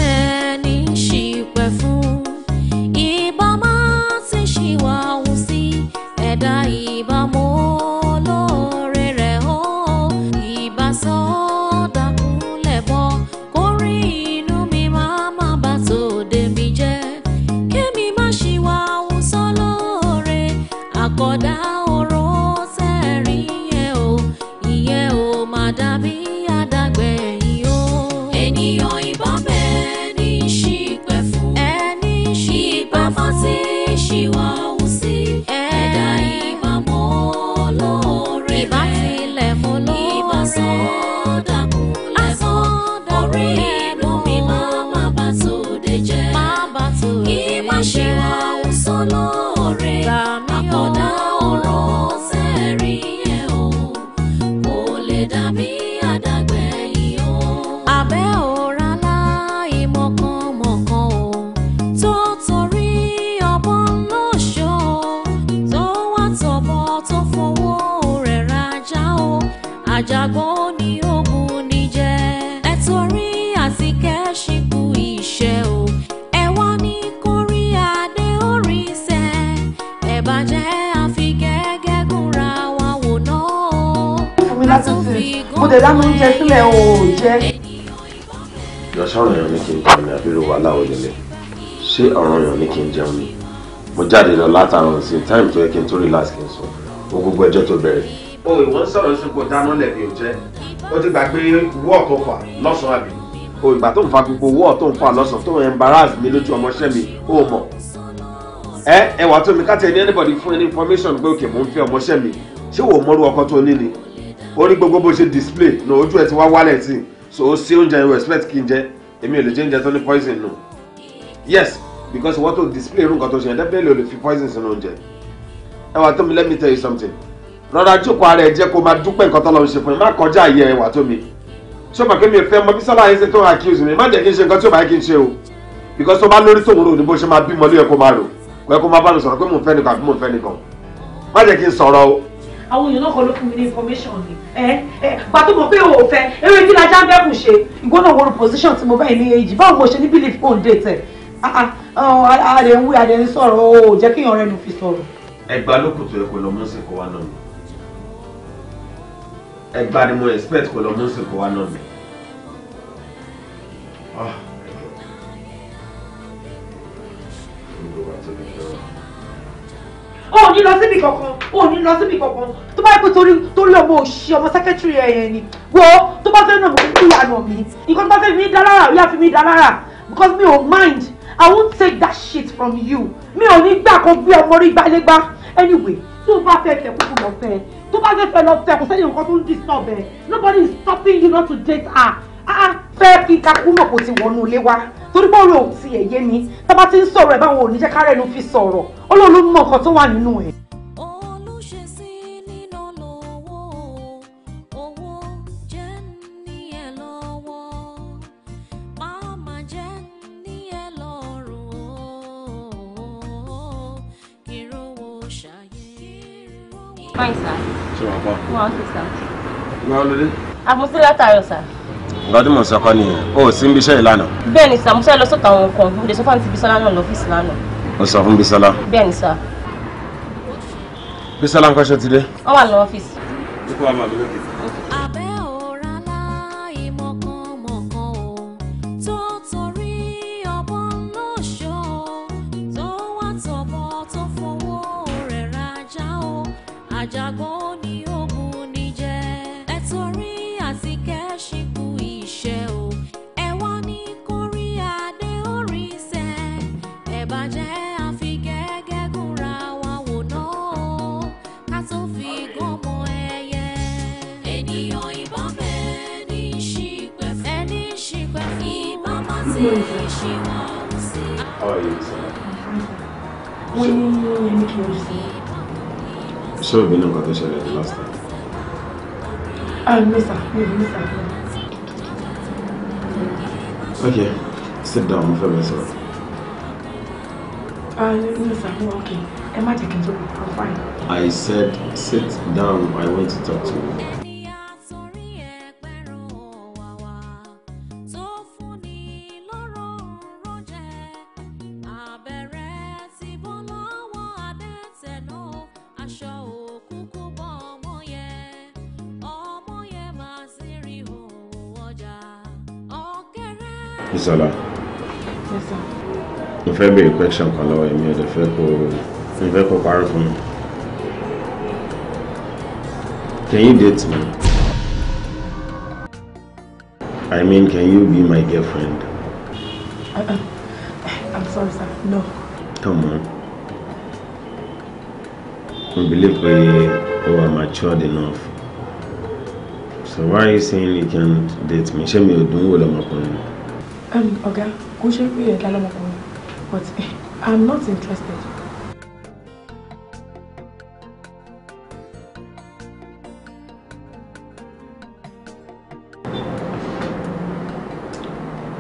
lọ látàrun sí time tó yẹ kí n tó relax kí n sùn ó gbogbo ẹjọ́ tó bẹ̀rẹ̀. o ìwọ ń sọ̀rọ̀ sípò dáná lẹ̀bi ò jẹ́ ó ti gbà pé wọ́ọ̀ tó fà lọ́sàn-án àbí. o ìgbà tó ń fa gbogbo wọ́ọ̀ tó ń fà lọ́sàn-án tó embarrass mi lójú ọmọọṣẹ́ mi ó mọ̀. ẹ ẹ wàá tó mi ká tẹ̀lé anybody fún any information pé òkè mò ń fẹ́ ọmọọṣẹ́ mi ṣé wò ó mọ́rú ọkọ tó ní ni ó ní gbogbo bó ṣe display ní ojú ẹ ti wá wálẹ̀ tí so ó sí oúnjẹ yẹn respect kí n jẹ èmi ò lè jẹ oúnjẹ tó ní poison nù. yes because wọ́n tó display irú nǹkan tó ṣe ẹ̀ dẹ́bẹ̀lì lè fi poison sínú oúnjẹ ẹ wà tó mi let me tell you something rọra jókòó ara ẹ jẹ́ kó máa dúpẹ́ nǹkan tó lọ́ọ́ ṣe fún ẹ má kọjá àyè ẹ wà tó mi ṣé o mọ̀ pé mi ò fẹ́ mọ bí sọ́lá yẹn ṣe tó ń accuse mi má jẹ́ kí n ṣe nǹkan tí ò bá kí n ṣe o because tó bá lórí tòun rò ní bó ṣe máa bímọ lóye kó máa rò kó yẹ kó máa bá mi sọ̀rọ̀ pé mò ń fẹ́ nìkan àbí mò ń fẹ́ nìkan má jẹ́ kí n sọ̀rọ̀ o àwọn èèyàn náà kọ́ ló fún mi ní information ni ẹ ẹ pàtó mọ̀ pé position tí mo bá yìí ní èyí báwo mo ṣe ní belief kò ń adẹ̀ ah, ah, oh, ń wí adẹ̀ ń sọ̀rọ̀ o jẹ́ kí ọ̀rẹ́ nu fi sọ̀rọ̀. ẹgbàá ló kùtù ẹ kò lọ mú sí kó wá náà mi ẹgbàá ni mo expect kó lọ mú sí kó wá náà mi. Ah. o ní lọ síbi kankan o ní lọ síbi kankan tó bá yẹ pé torí torí ọmọ òṣì ọmọ sẹkẹtìrì ẹyẹ ni wo tó bá fẹ́ nà mí kí ìyànà mi nǹkan tó bá fẹ́ mi dá lára ìyá fi mi dá lára because mi ò mind I won't take that shit from you. Me only back gbà kó gbé ọmọ rí gbálégbá. Anyway, tó bá fẹ́ fẹ́ kúkú lọ fẹ́. Tó bá fẹ́ fẹ́ lọ fẹ́ kò sẹ́yìn nǹkan tó ń disturb ẹ̀. Nobody is stopping you not to date her. Ah, ah fair kí kakú mọ̀ kó ti wọnú ilé wa. Torí pé ọ̀rọ̀ ò tiẹ̀ yé mi. Tá bá ti ń sọ̀rọ̀ ẹ̀ báwọn ò ní jẹ́ ká rẹ̀ ló fi sọ̀rọ̀. Ọlọ́run ló mọ nǹkan tó wà Wọ́n ti sà. Wọ́n lóde. Àmọ́sí látàárọ̀ sà. Nǹkan tí mò ń sọ kọ́ nìyẹn. O ò sí ń bíṣẹ́ ìlànà. Bẹ́ẹ̀ni sà, mo fẹ́ lọ sọ́tà àwọn nǹkan. Mo lè sọ fún àǹtí Bísọ́lá náà lọ́fíìsì lánàá. O sọ fún Bísọ́lá. Bẹ́ẹ̀ni sà. Bísọ́lá ń kọ́ṣẹ́ ti dé. Wọ́n wà lọ ọ́fíìsì. Ó kó wa máa lọ tó ṣẹlẹ̀ ní last sit down mo fẹ́ bẹ sọ̀rọ̀. àìmísà fún Okay, am I taking jẹ́ kí n tó I said sit down I want to talk to you. Bisola. Yes, sir. Mo fẹ́ béèrè question kan lọ́wọ́ èmi ò dẹ̀ fẹ́ kó mo fẹ́ kó parọ́ fún mi. Can you date me? I mean, can you be my girlfriend? uh I'm sorry, sir. No. Come on. I believe we are matured enough So why are you saying you can't date me? Show Ṣé mi doing dùn wò lọ́mọkùnrin? you be a pé ẹ̀dá lọ́mọkùnrin but eh, i'm not interested.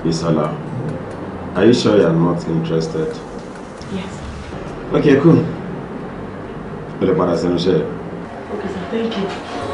Bisola, are you sure you are not interested? Yes. Okay, cool. Ó lè padà sẹ́nu iṣẹ́. Okay, sir, thank you.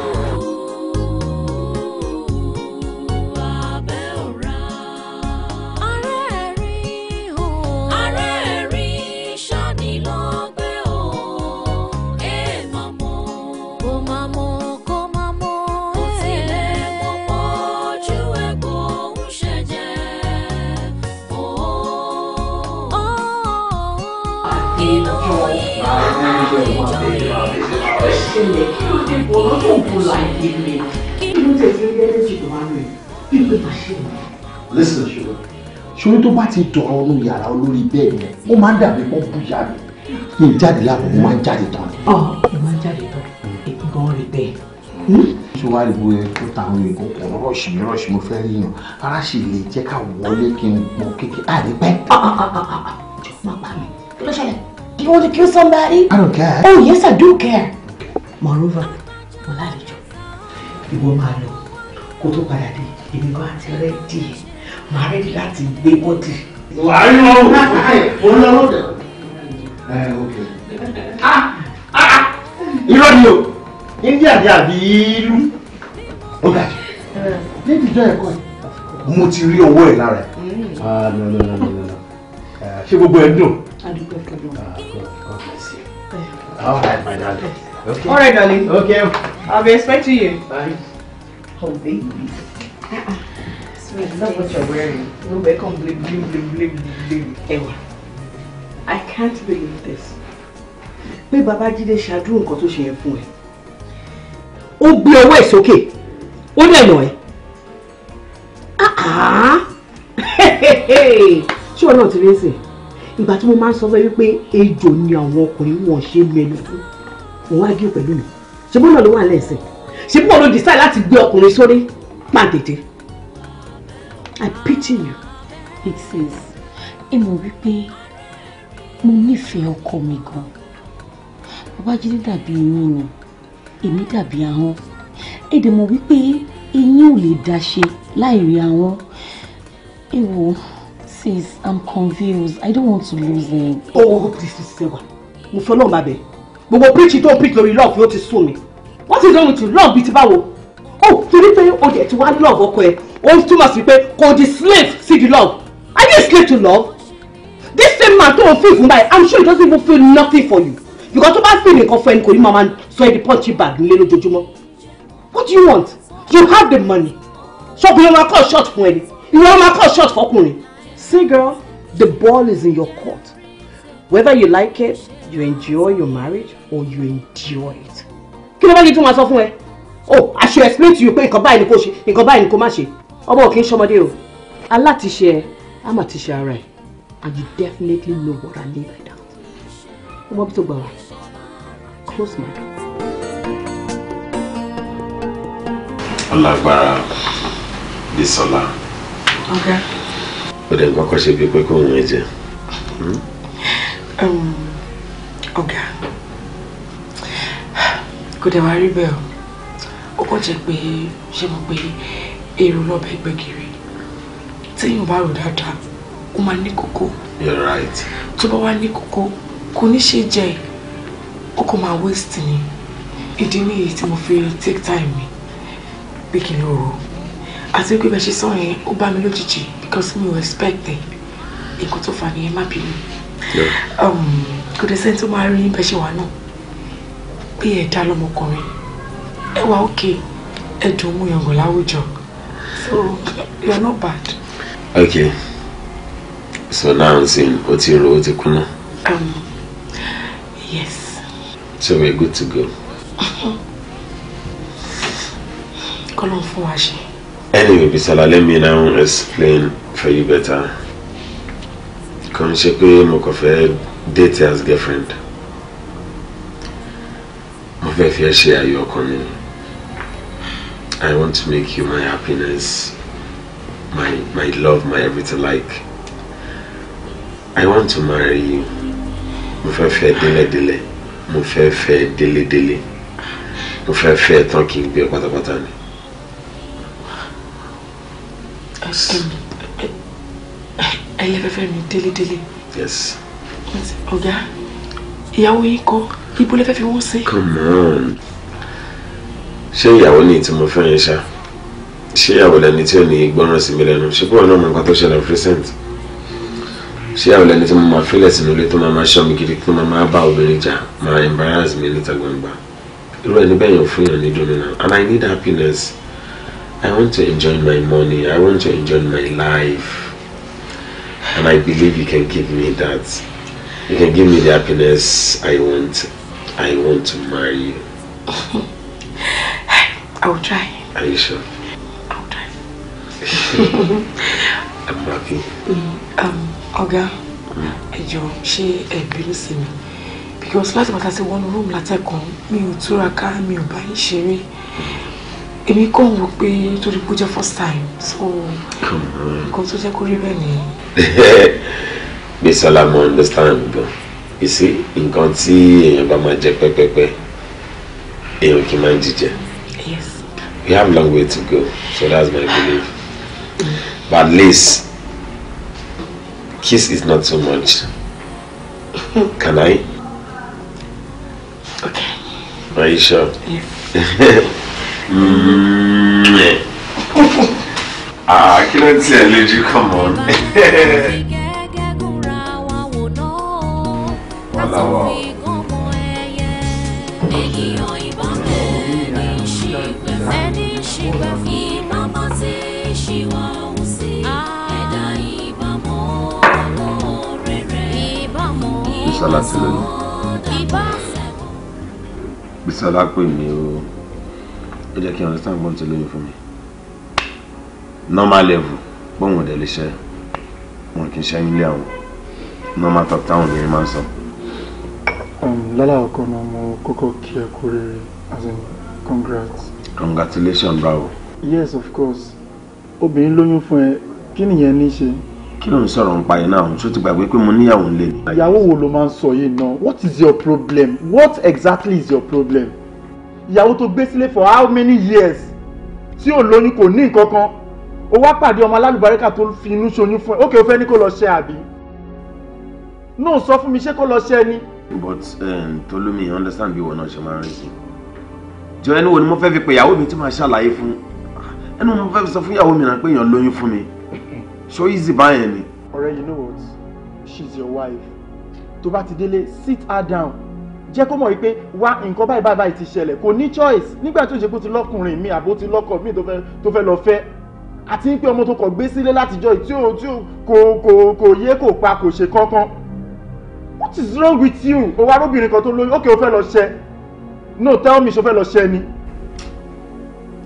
ṣẹlẹ̀ kí ló dé ọ̀rọ̀ tó ń bọ̀ láìpẹ́ mi kí ló tẹ̀ sí ilé ẹlẹ́jì tó wá lóye kí ló máa ṣe wọ́n. listen ṣòro ṣòro tó bá ti dọ̀ ọ́ nù yàrá olórí bẹ́ẹ̀ yẹn ó máa ń dàbí pọ́n bùyà mi kí n jáde láàbò mo máa ń jáde tán. ọ mo máa ń jáde tán ètò gan rè bẹ́ẹ̀. Hmm? ṣé wàá rí bóyá tó ta àwọn èèyàn kò kàn rọ́ọ̀ṣì mi rọ́ọ̀ṣì mo fẹ́ ríyàn ara sì lè jẹ́ ká wọlé kí n gbọ́ kékeré àìpẹ́. jọ̀ọ́ máa bá mi kí ló ṣẹlẹ̀ do you want to kill somebody? I don't care. Oh yes, I do care moreover mo lálejò ìwọ máa lọ kó tó padà dé èmi gan àti rẹ́dì máa rẹ́dì láti gbé bọ́dì. wàá rí wọn o ò ń lọ lọ́dọ̀ ẹ òkè ah, ah, ah. irọ́ ni o india ni àbí ìlú ó dà jẹ́ níbi ìjọ ẹ̀kọ́ yìí mo ti rí owó ẹ̀ lára ẹ̀ mm. eh, ṣé gbogbo ẹ̀ dùn. adúgbò kẹlẹ́ o. God bless you. All right, my darling. Okay. All right, darling. Okay. I'll be expecting you. Bye. Oh, baby. Sweet. Look what you're wearing. No, become bling, bling, bling, bling, bling. Ẹ̀wà. I can't believe this. Pé Babájídé ṣàdúró nǹkan tó ṣe yẹn fún ẹ. Ó gbé ọwọ́ ẹ̀ sókè. Ó Ah ẹ̀. Ṣé ọ náà ti rí ẹsẹ̀? Ìgbà tí mo máa ń sọ fẹ́ wípé ejò ni àwọn ọkùnrin wọn ṣe mẹ́nu fún òun á gé pẹ̀lú mi ṣe bọ́ọ̀lù ló wà lẹ́sẹ̀ ṣe bọ́ọ̀lù ló decide láti gbé ọkùnrin sórí pàǹtẹ̀tẹ̀ I pity you. It says ẹ mọ̀ wípé mo nífẹ̀ẹ́ ọkọ mi gan Babájídé dàbí eyín ni èmi dàbí ahọ́n ẹ dẹ̀ mọ̀ wípé eyín ò lè dáṣe láì rí ahọ́n ẹ wò ó. Sis, I'm confused. I don't want to lose him. Oh, this is Sewa. Mo fọlọ́ọ̀ máa bẹ̀ gbogbo preach tó preach lórí love yóò ti sún mi what is wrong with you love bíi ti báwo oh torí pé o dẹ̀ ti wá love ọkọ ẹ o túmọ̀ sí pé kò di slave sí di love are you a slave to love this same man tó o feel fún báyìí i'm sure he doesn't even feel nothing for you because tó bá feel nǹkan fún ẹni kò ní máa máa sọ ẹ di punch bag nílé lójoojúmọ́ what do you want you have the money ṣọkùnrin máa cut short fún ẹni ìwọ máa cut short fọkùnrin see girl the ball is in your court whether you like it you enjoy your marriage or you endure it. kí ló bá yẹ kí wọ́n sọ fún ẹ oh I should explain to you pé nǹkan báyìí ni kò ṣe nǹkan báyìí ni kò má ṣe ọmọ ò kì í ṣọmọdé o alátiṣe ẹ ti ṣe ara ẹ and you definitely know what I mean by that. ọmọ bí tó gbà wá close my door. ọlágbára Bísọ́lá. ọ̀gá. ó lè gbọ́kọ̀ ṣe bíi pé kóun ẹ jẹ. Um, ọ̀gá. Um, okay kò dẹ̀ wá rí bẹ́ẹ̀ o ó kàn jẹ́ pé ṣé mo pé èrò lọ́bẹ̀ gbẹ̀gìrì téèyàn bá rò dáadáa ó máa ní kókó you're right tó bá wá ní kókó kò ní ṣe jẹ ó kò máa waste ni ìdí nìyí tí mo fi take time mi pé kí n lọ rò àti pé bẹ́ẹ̀ ṣe sọ yẹn ó bá mi lójijì because mi ò expect ẹ̀ nǹkan tó fà nìyẹn má bínú um, kò dẹ̀ sẹ́ni tó máa rí bẹ́ẹ̀ ṣe wà náà pé ẹ̀dá lọmọkùnrin ẹ wà òkè ẹ̀dùn mú yàngàn láwùjọ so you are not bad. okay so now sin o ti ro o ti kúnná. Um, yes. so we good to go. kọ́lọ́ fún wa ṣe. anyway Bisola let me now explain for you better kò ń ṣe pé mo kàn fẹ́ date as girlfriend fẹ́ fi ẹ́ ṣe ayọ̀ ọkàn I want to make you my happiness my my love my everything like I want to marry you mo fẹ́ fẹ́ délédélé mo fẹ́ fẹ́ talking mo fẹ́ fẹ́ tán I love gbé pátápátá ni. yes. ọ̀gá ìyàwó yín kọ́ ibo lẹ fẹ́ fi wọ́n sí. come on ṣé ìyàwó ni tí mo fẹ́ yẹn ṣá ṣé ìyàwó lẹni tí ò ní gbọ́ràn sí mi lẹ́nu ṣé bọ́ọ̀ náà mọ nǹkan tó ṣẹlẹ̀ present ṣé ìyàwó lẹni tí mo máa fílẹ̀ sínú ilé tó máa máa ṣọ́ mi gidi tó máa máa bá obìnrin jà máa embarrass mi níta gbangba irú ẹni bẹ́ẹ̀ yàn fún yàn ní dùn nínú and I need happiness I want to enjoy my money I want to enjoy my life and I believe you can give me that you can give me the happiness I want. I want to marry you. [LAUGHS] I will try. Are you sure? I will try. [LAUGHS] I'm happy. Mm, um, Ọ̀gá, mm. ẹ jọ̀ọ́ ṣé ẹ bínú sí mi? Because láti bàtà sí one room látẹ̀kàn, mi ò túraká, mi ò bá yín ṣeré. Èmi kàn wò pé torí kó jẹ́ first time, so come, tó jẹ́ kó rí bẹ́ẹ̀ nìyẹn. Bí Sọlá mo understand gan ìsí nǹkan tí èèyàn bá máa jẹ pẹpẹpẹ èèyàn kì í máa ń jíjẹ. yes. we have long way to go so that's my belief but at least kiss is not too much [LAUGHS] can I. okay. are you sure. yes. [LAUGHS] mm-hmm. [LAUGHS] ah kí ló ń tiẹ̀ lójú come on. mọ́ṣáláṣí lónìí. Bísọ́lá pè mí o ó jẹ́ kí n understand pọ́n lóyún fún mi. normal level bóun ò dẹ̀ lè ṣe wọn kì í ṣẹ́yìn ilé àwọn normal talk táwọn obìnrin máa ń sọ. Um, lálàkọ́ náà mo kọ́kọ́ kí ẹ kú rere as in congrats. congratulations bravo. yes of course obìnrin lóyún fún ẹ kí nìyẹn ní í ṣe kí ló ń sọ̀rọ̀ ń pa yẹn náà ṣó ti gbàgbé pé mo níyàwó ńlẹ̀ ni. ìyàwó wo ló máa ń sọ yìí náà what is your problem what exactly is your problem ìyàwó tó gbé sílé for how many years tí ò lóyún kò ní nǹkan kan ó wá pàdé ọmọ alálùbáríkà tó fi inú ṣoyún fún ẹ ókè ó fẹ́ ní kó lọ ṣe àbí náà sọ fún mi ṣé kó lọ ṣe ni. but um, Tolúmi understand bí ìwọ náà ṣe máa ń rí sí jọ ẹni wo ni mo fẹ́ fi pe ìyàwó mi tí màá ṣàlàyé fún ẹni mo fẹ́ fi sọ fún ìyàwó mi náà pé èèyàn lóyún fún mi so easy báyẹn any. ọ̀rẹ́ you know what she's your wife tó bá ti sit her down jẹ́ kó mọ̀ wípé wá nǹkan báyìí báyìí ti ṣẹlẹ̀ kò ní choice nígbà tó ṣe kó ti lọ́kùnrin mi àbó ti lọ́kọ mi tó fẹ́ lọ fẹ́ àti pé ọmọ tó kọ̀ gbé sílé látijọ́ tí ò tí ò ko kò ko yé ko pa kò ṣe kankan what is wrong with you o wa arábìnrin kan tó lóyún ókè o fẹ́ lọ ṣẹ no tell me ṣo fẹ́ lọ ṣẹ ni.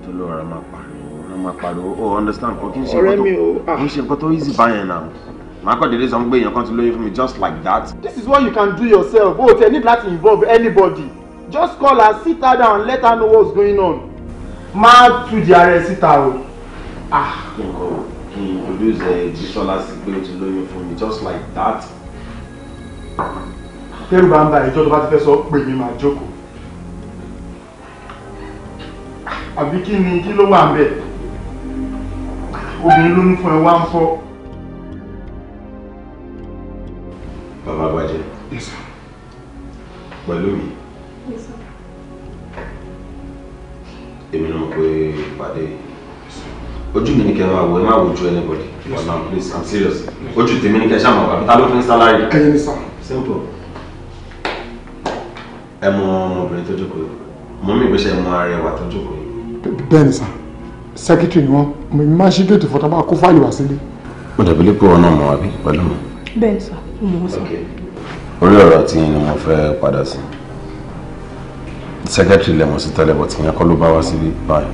To lo ra máa pa máa pariwo o understand kò kí n ṣe nǹkan tó ah. kò ń ṣe nǹkan tó easy báyẹn náà màá kọ́ délé sọ pé èèyàn kan ti lóyún fún mi just like that. this is what you can do yourself o tẹ need láti involve anybody just call her sit her down let her know what's going on. máa tu di ara ẹ síta o. Ah. kí n kọ kí n introduce ẹ eh, Jísọ́lá sí pé o ti lóyún fún mi just like that. tẹ́rù bá ń ba ìjọ tó bá ti fẹ́ sọ pé mi máa jókòó àbí kí ni kí ló wà ń bẹ̀ obìnrin ló ń fún ẹ wá ń fọ́. bàbá bàjẹ́. yes sir. pẹ̀lú mi. yes sir. èmi náà pé ìpàdé ojú mi ni kẹ́ máa wọ ẹ má wojú anybody yes sir please i'm serious ojú tèmi ni kẹ́ ṣáà máa wà mí ta ló fún sálárì. ẹyin sá. simple. ẹ mọ ọmọbìnrin tó jókòó mọ mi gbéṣẹ́ mọ arẹwà tó jókòó. bẹ́ẹ̀ ni secretary ni wọn mo máa ṣí gèètì fún tọ́ba kó fáìlì wá sílé. mo dàbí lè pé wọn náà mọ àbí pẹ̀lú mi. bẹ́ẹ̀ sà mo mọ̀ sà. orí ọ̀rọ̀ tí ni mo fẹ́ padà sí secretary lẹ́mọ̀ sí tẹ́lẹ̀ bọ̀ tìyẹn kọ́ ló bá wá síbí báyìí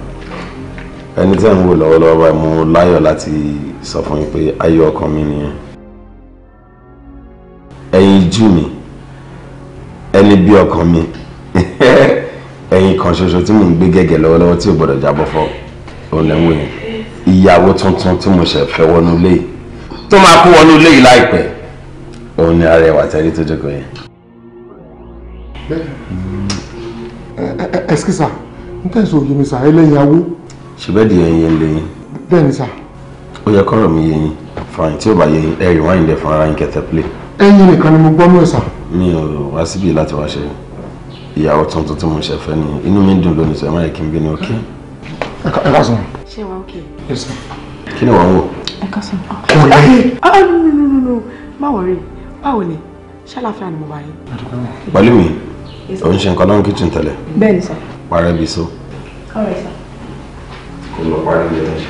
ẹni tẹ́ ń wò lọ́wọ́lọ́wọ́ báyìí mo láyọ̀ láti sọ fún yín pé ayọ̀ ọkàn mi nìyẹn ẹ̀yin jù mí ẹni bí ọkàn mi [LAUGHS] ẹ̀yin kan ṣoṣo tí mò ń gbé gẹ́gẹ́ lọ́wọ́lọ́wọ́ tí ò gbọ́dọ̀ jábọ́ fọ́ òlẹ́wọ̀n yẹn ìyàwó tuntun tí mo ṣẹ̀ fẹ́ wọnú ilé yìí tó máa kú wọnú ilé yìí láìpẹ́ òun ni arẹwà tẹ́lẹ̀ tó jókòó yẹn. ẹsikí sà n tẹ̀sí òye mi sà ẹlẹ́yin awó. ṣùgbọ́n di ẹyin yẹn lẹ́yìn. bẹ́ẹ̀ni sà. ó yẹ kọ́rọ̀ mi yẹyin fàyìn tí ó bá yẹyin ẹ̀rì wáyìn lẹ̀ fún ara yín kẹtẹ plé. ẹyin nìkan ni mo gbọ́ mú ẹ sà. mi ò wá síbi láti wá ṣe ìyàwó tuntun tí mo ṣẹ̀ fẹ́ ni inú mi dùn lónìí sọ ẹ má yẹ kí n bínú ọkẹ́. Okay? ẹ ká sùn. ṣé wàá òkè. kí ni wàá wò. ẹ ká sùn. Ah, ah, no. lè. má wọrí báwo ni ṣàlàfíà ni mo bá yín. pẹ̀lú mi ò ń ṣe nǹkan lọ́rùn kitchen tẹ́lẹ̀. bẹ́ẹ̀ni sọ. parẹ́ bí so. ọ̀rẹ́ sọ. kò lọ parẹ́ bí ẹ̀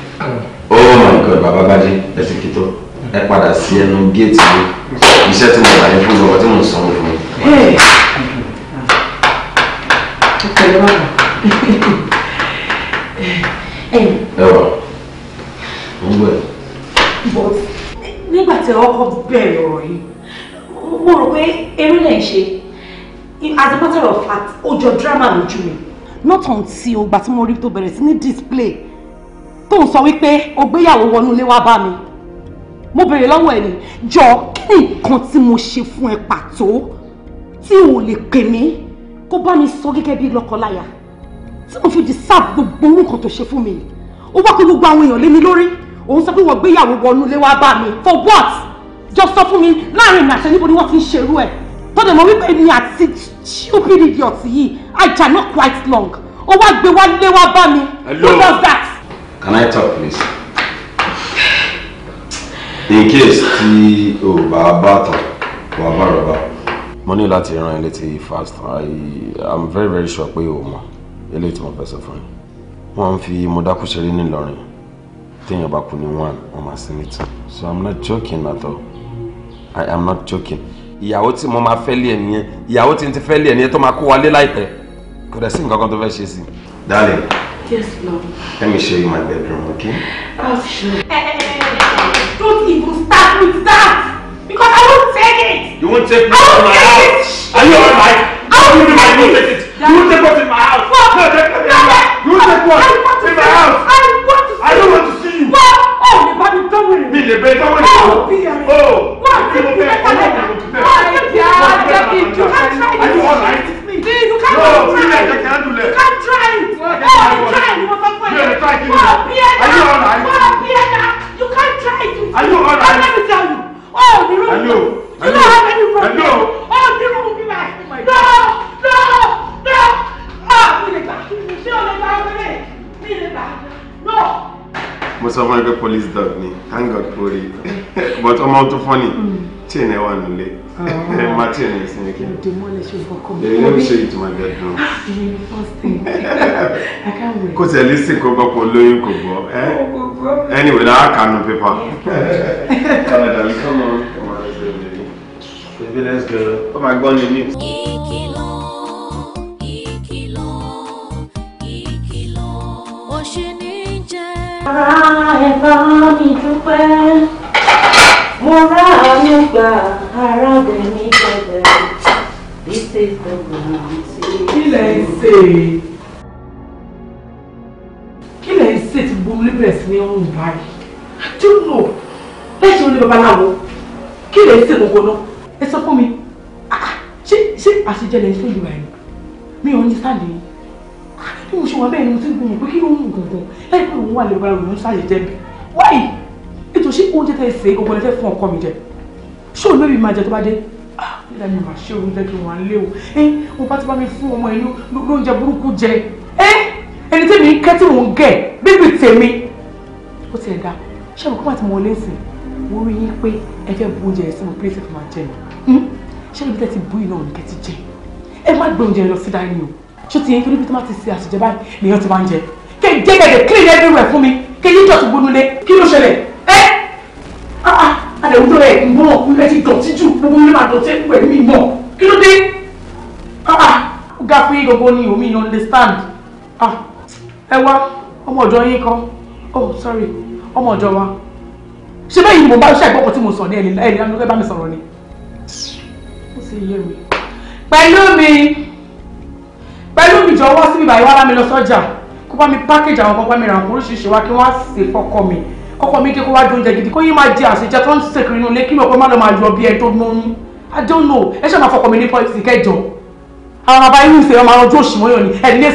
oh my god bàbá bájí ẹ sì kí tó ẹ padà sí ẹnu géètì mi iṣẹ́ tí mo bá yín fún mi ọ̀rọ̀ tí mo sanwó fún mi. ẹ ẹwà ó ń but nígbà tí ọkọ bẹ̀rẹ̀ ọ̀rọ̀ yìí mo rò pé eré lẹ̀ ṣe as a matter of fact ó jọ drama lójú mi not until ìgbà tí mo rí tó bẹ̀rẹ̀ sí ní display tó ń sọ wípé o gbéyàwó wọnú ilé wá bá mi mo béèrè lọ́wọ́ ẹ̀ ní jọ kí ni nǹkan tí mo ṣe fún ẹ pàtó tí o lè pè mí kó bá mi sọ gẹ́gẹ́ bí lọ́kọláya tí mo fi dì sáà gbogbo orúkọ tó ṣe fún mi yìí ó wá pé gbogbo àwọn èèyàn lé mi lórí òun sọ pé wọ́n gbéyàwó wọnú ilé wa bá mi for what jọ sọ fún mi láàrin mi àṣẹ níbo ni wọ́n ti ń ṣerú ẹ̀ tọ́jà mọ̀ wípé èmi àti stupid idiot yìí ajá not quite long ó wá gbé wá lé wá bá mi who does that. can i talk please in case tí o bá bá tàn wà bá rọ̀ bá. mo ní láti rán ẹ létí fast i am very very sure pé o mọ eléyìí tí mo fẹ́ sọ fún yín wọ́n ń fi mọ̀dákù ṣeré nìlọrin téèyàn bá kú ní one wọ́n máa sin ní two so i'm not joking at all i am not joking ìyàwó tí mo máa fẹ́ lé ẹ̀ nìyẹn ìyàwó tí n ti fẹ́ lé ẹ̀ nìyẹn tó máa kó wálé láìpẹ́ kò dẹ̀ sí nǹkan kan tó fẹ́ ṣe sí. darling yes love let me show you my bedroom okay. oh sure. Hey, hey, don't even start with that because i won't take it. you won't take me from my house. are you alright? i won't take it. you won't take me from my house. no no no no. You take what? In my house. I want to see you. I don't want to see you. Ma, oh, the baby don't win. Me, the baby don't win. Oh, Pierre. Oh. What? you can't get out of here. Ma, you can't get out of here. You can't try it. Are you all right? Please, you can't try it. No, Pierre, you can't do that. You can't try it. Oh, you try it. You want to fight it. Pierre, try it. Ma, Pierre. Are you all right? Ma, oh, Pierre, you can't try it. Are you all right? Let me tell you. Oh, the room. Hello. You don't have any problem. police dog ni thank god for kori but ọmọ tó fọ́ ni tí ẹ̀nà wà nílé má tí ẹ̀nà sí ní kí n. èyí ló ń ṣe ìtumọ̀ ah, gẹ̀dùn. [LAUGHS] kò tẹ̀ lísì kó gbọ́ pé olóyún kò gbọ́ anyway na a kà nù pépà. Canada, come on, come on, let's go. Baby, let's go. Oh my god, you need. ẹ bá mi dúpẹ́ mo rà á nígbà ara rẹ̀ ní gbẹ̀gbẹ̀ kí lẹ̀ ń sè tí gbogbo níbẹ̀ sí ní ọ̀hún báyìí tí ó nù babaláwo kí lẹ̀ ń sè gbogbo náà ẹ sọ fún mi ṣé àṣejẹ lẹ̀ ń sè ìdìbò ẹ̀ mi ò ní sáà bí mo ṣe wà bẹ́ẹ̀ ni mo ti gbìyànjú pé kí ló ń mú gangan láì pé òun wà lè ra òun ṣàyè jẹ̀bi wáyì ètò ṣé oúnjẹ tẹ ṣe gbogbo ẹ fẹ́ fún ọkọ mi jẹ ṣé òun lóbi máa jẹ tó bá dé ah nígbà mi máa ṣe oúnjẹ kí wọn á lé o ẹ mo bá ti bá mi fún ọmọ inú lóúnjẹ burúkú jẹ ẹ ẹni tí mi ń kẹ́ tí mò ń gẹ̀ bíbí tèmi ó ti ẹ̀ dá ṣé àwọn kọ́mọ̀tì mo wọlé sí wọ́n rí yín pé ẹ fẹ́ bu oúnjẹ sí mo pé ṣe fi máa jẹ ni hmm? ṣé ibi tẹ́ ti bú iná òní kẹ́ ti jẹ ẹ má gbé oúnjẹ lọ sí dání o ṣó ti yẹn kí olùbí tó má ti ṣe àṣìjẹ báyìí lèyàn ti máa ń jẹ kí jẹgẹdẹ clean everywhere fún mi kí yín dọ̀tí gbónúlé kí ló ṣẹlẹ̀ ẹ́ àlẹ́ òwúrọ̀ ẹ̀ ń bọ̀ ilẹ̀ ti dọ̀tí jù gbogbo ilé máa dọ̀tí ẹ̀kú ẹ̀mí mọ̀ kí ló dé ga fún yín gbogbo ni omi yín understand ẹ wá ọmọ ọ̀dọ̀ yín kan oh sorry ọmọ ọ̀dọ̀ wa ṣé bẹ́ẹ̀ ni mo bá ṣàgbọ́kọ̀ tí mo sọ ní ẹ̀lẹ́ni ẹ̀lẹ́ni bá mi sọ̀rọ̀ ni ó sì yé mi pẹ̀lú mi pẹ̀lú ìjọ wọ́n síbi báyìí wá bá lọ sọ́jà kó bá mi package àwọn pápá mi kó oríṣiríṣi wá kí wọ́n á sè fọ́kọ mi kọ́kọ́ mi dé kó wá jẹ oúnjẹ gidi kó yín máa jẹ àṣejẹ tó ń sè kiri ilé kí mi ò pé má lọ máa yọ bí ẹ tó lóyún I don't know ẹ ṣe máa fọkọ mi ní pọ́ìsì kẹjọ àwọn bàbá yín ń ọmọ àwọn ojú òṣùwọ̀n yàn ni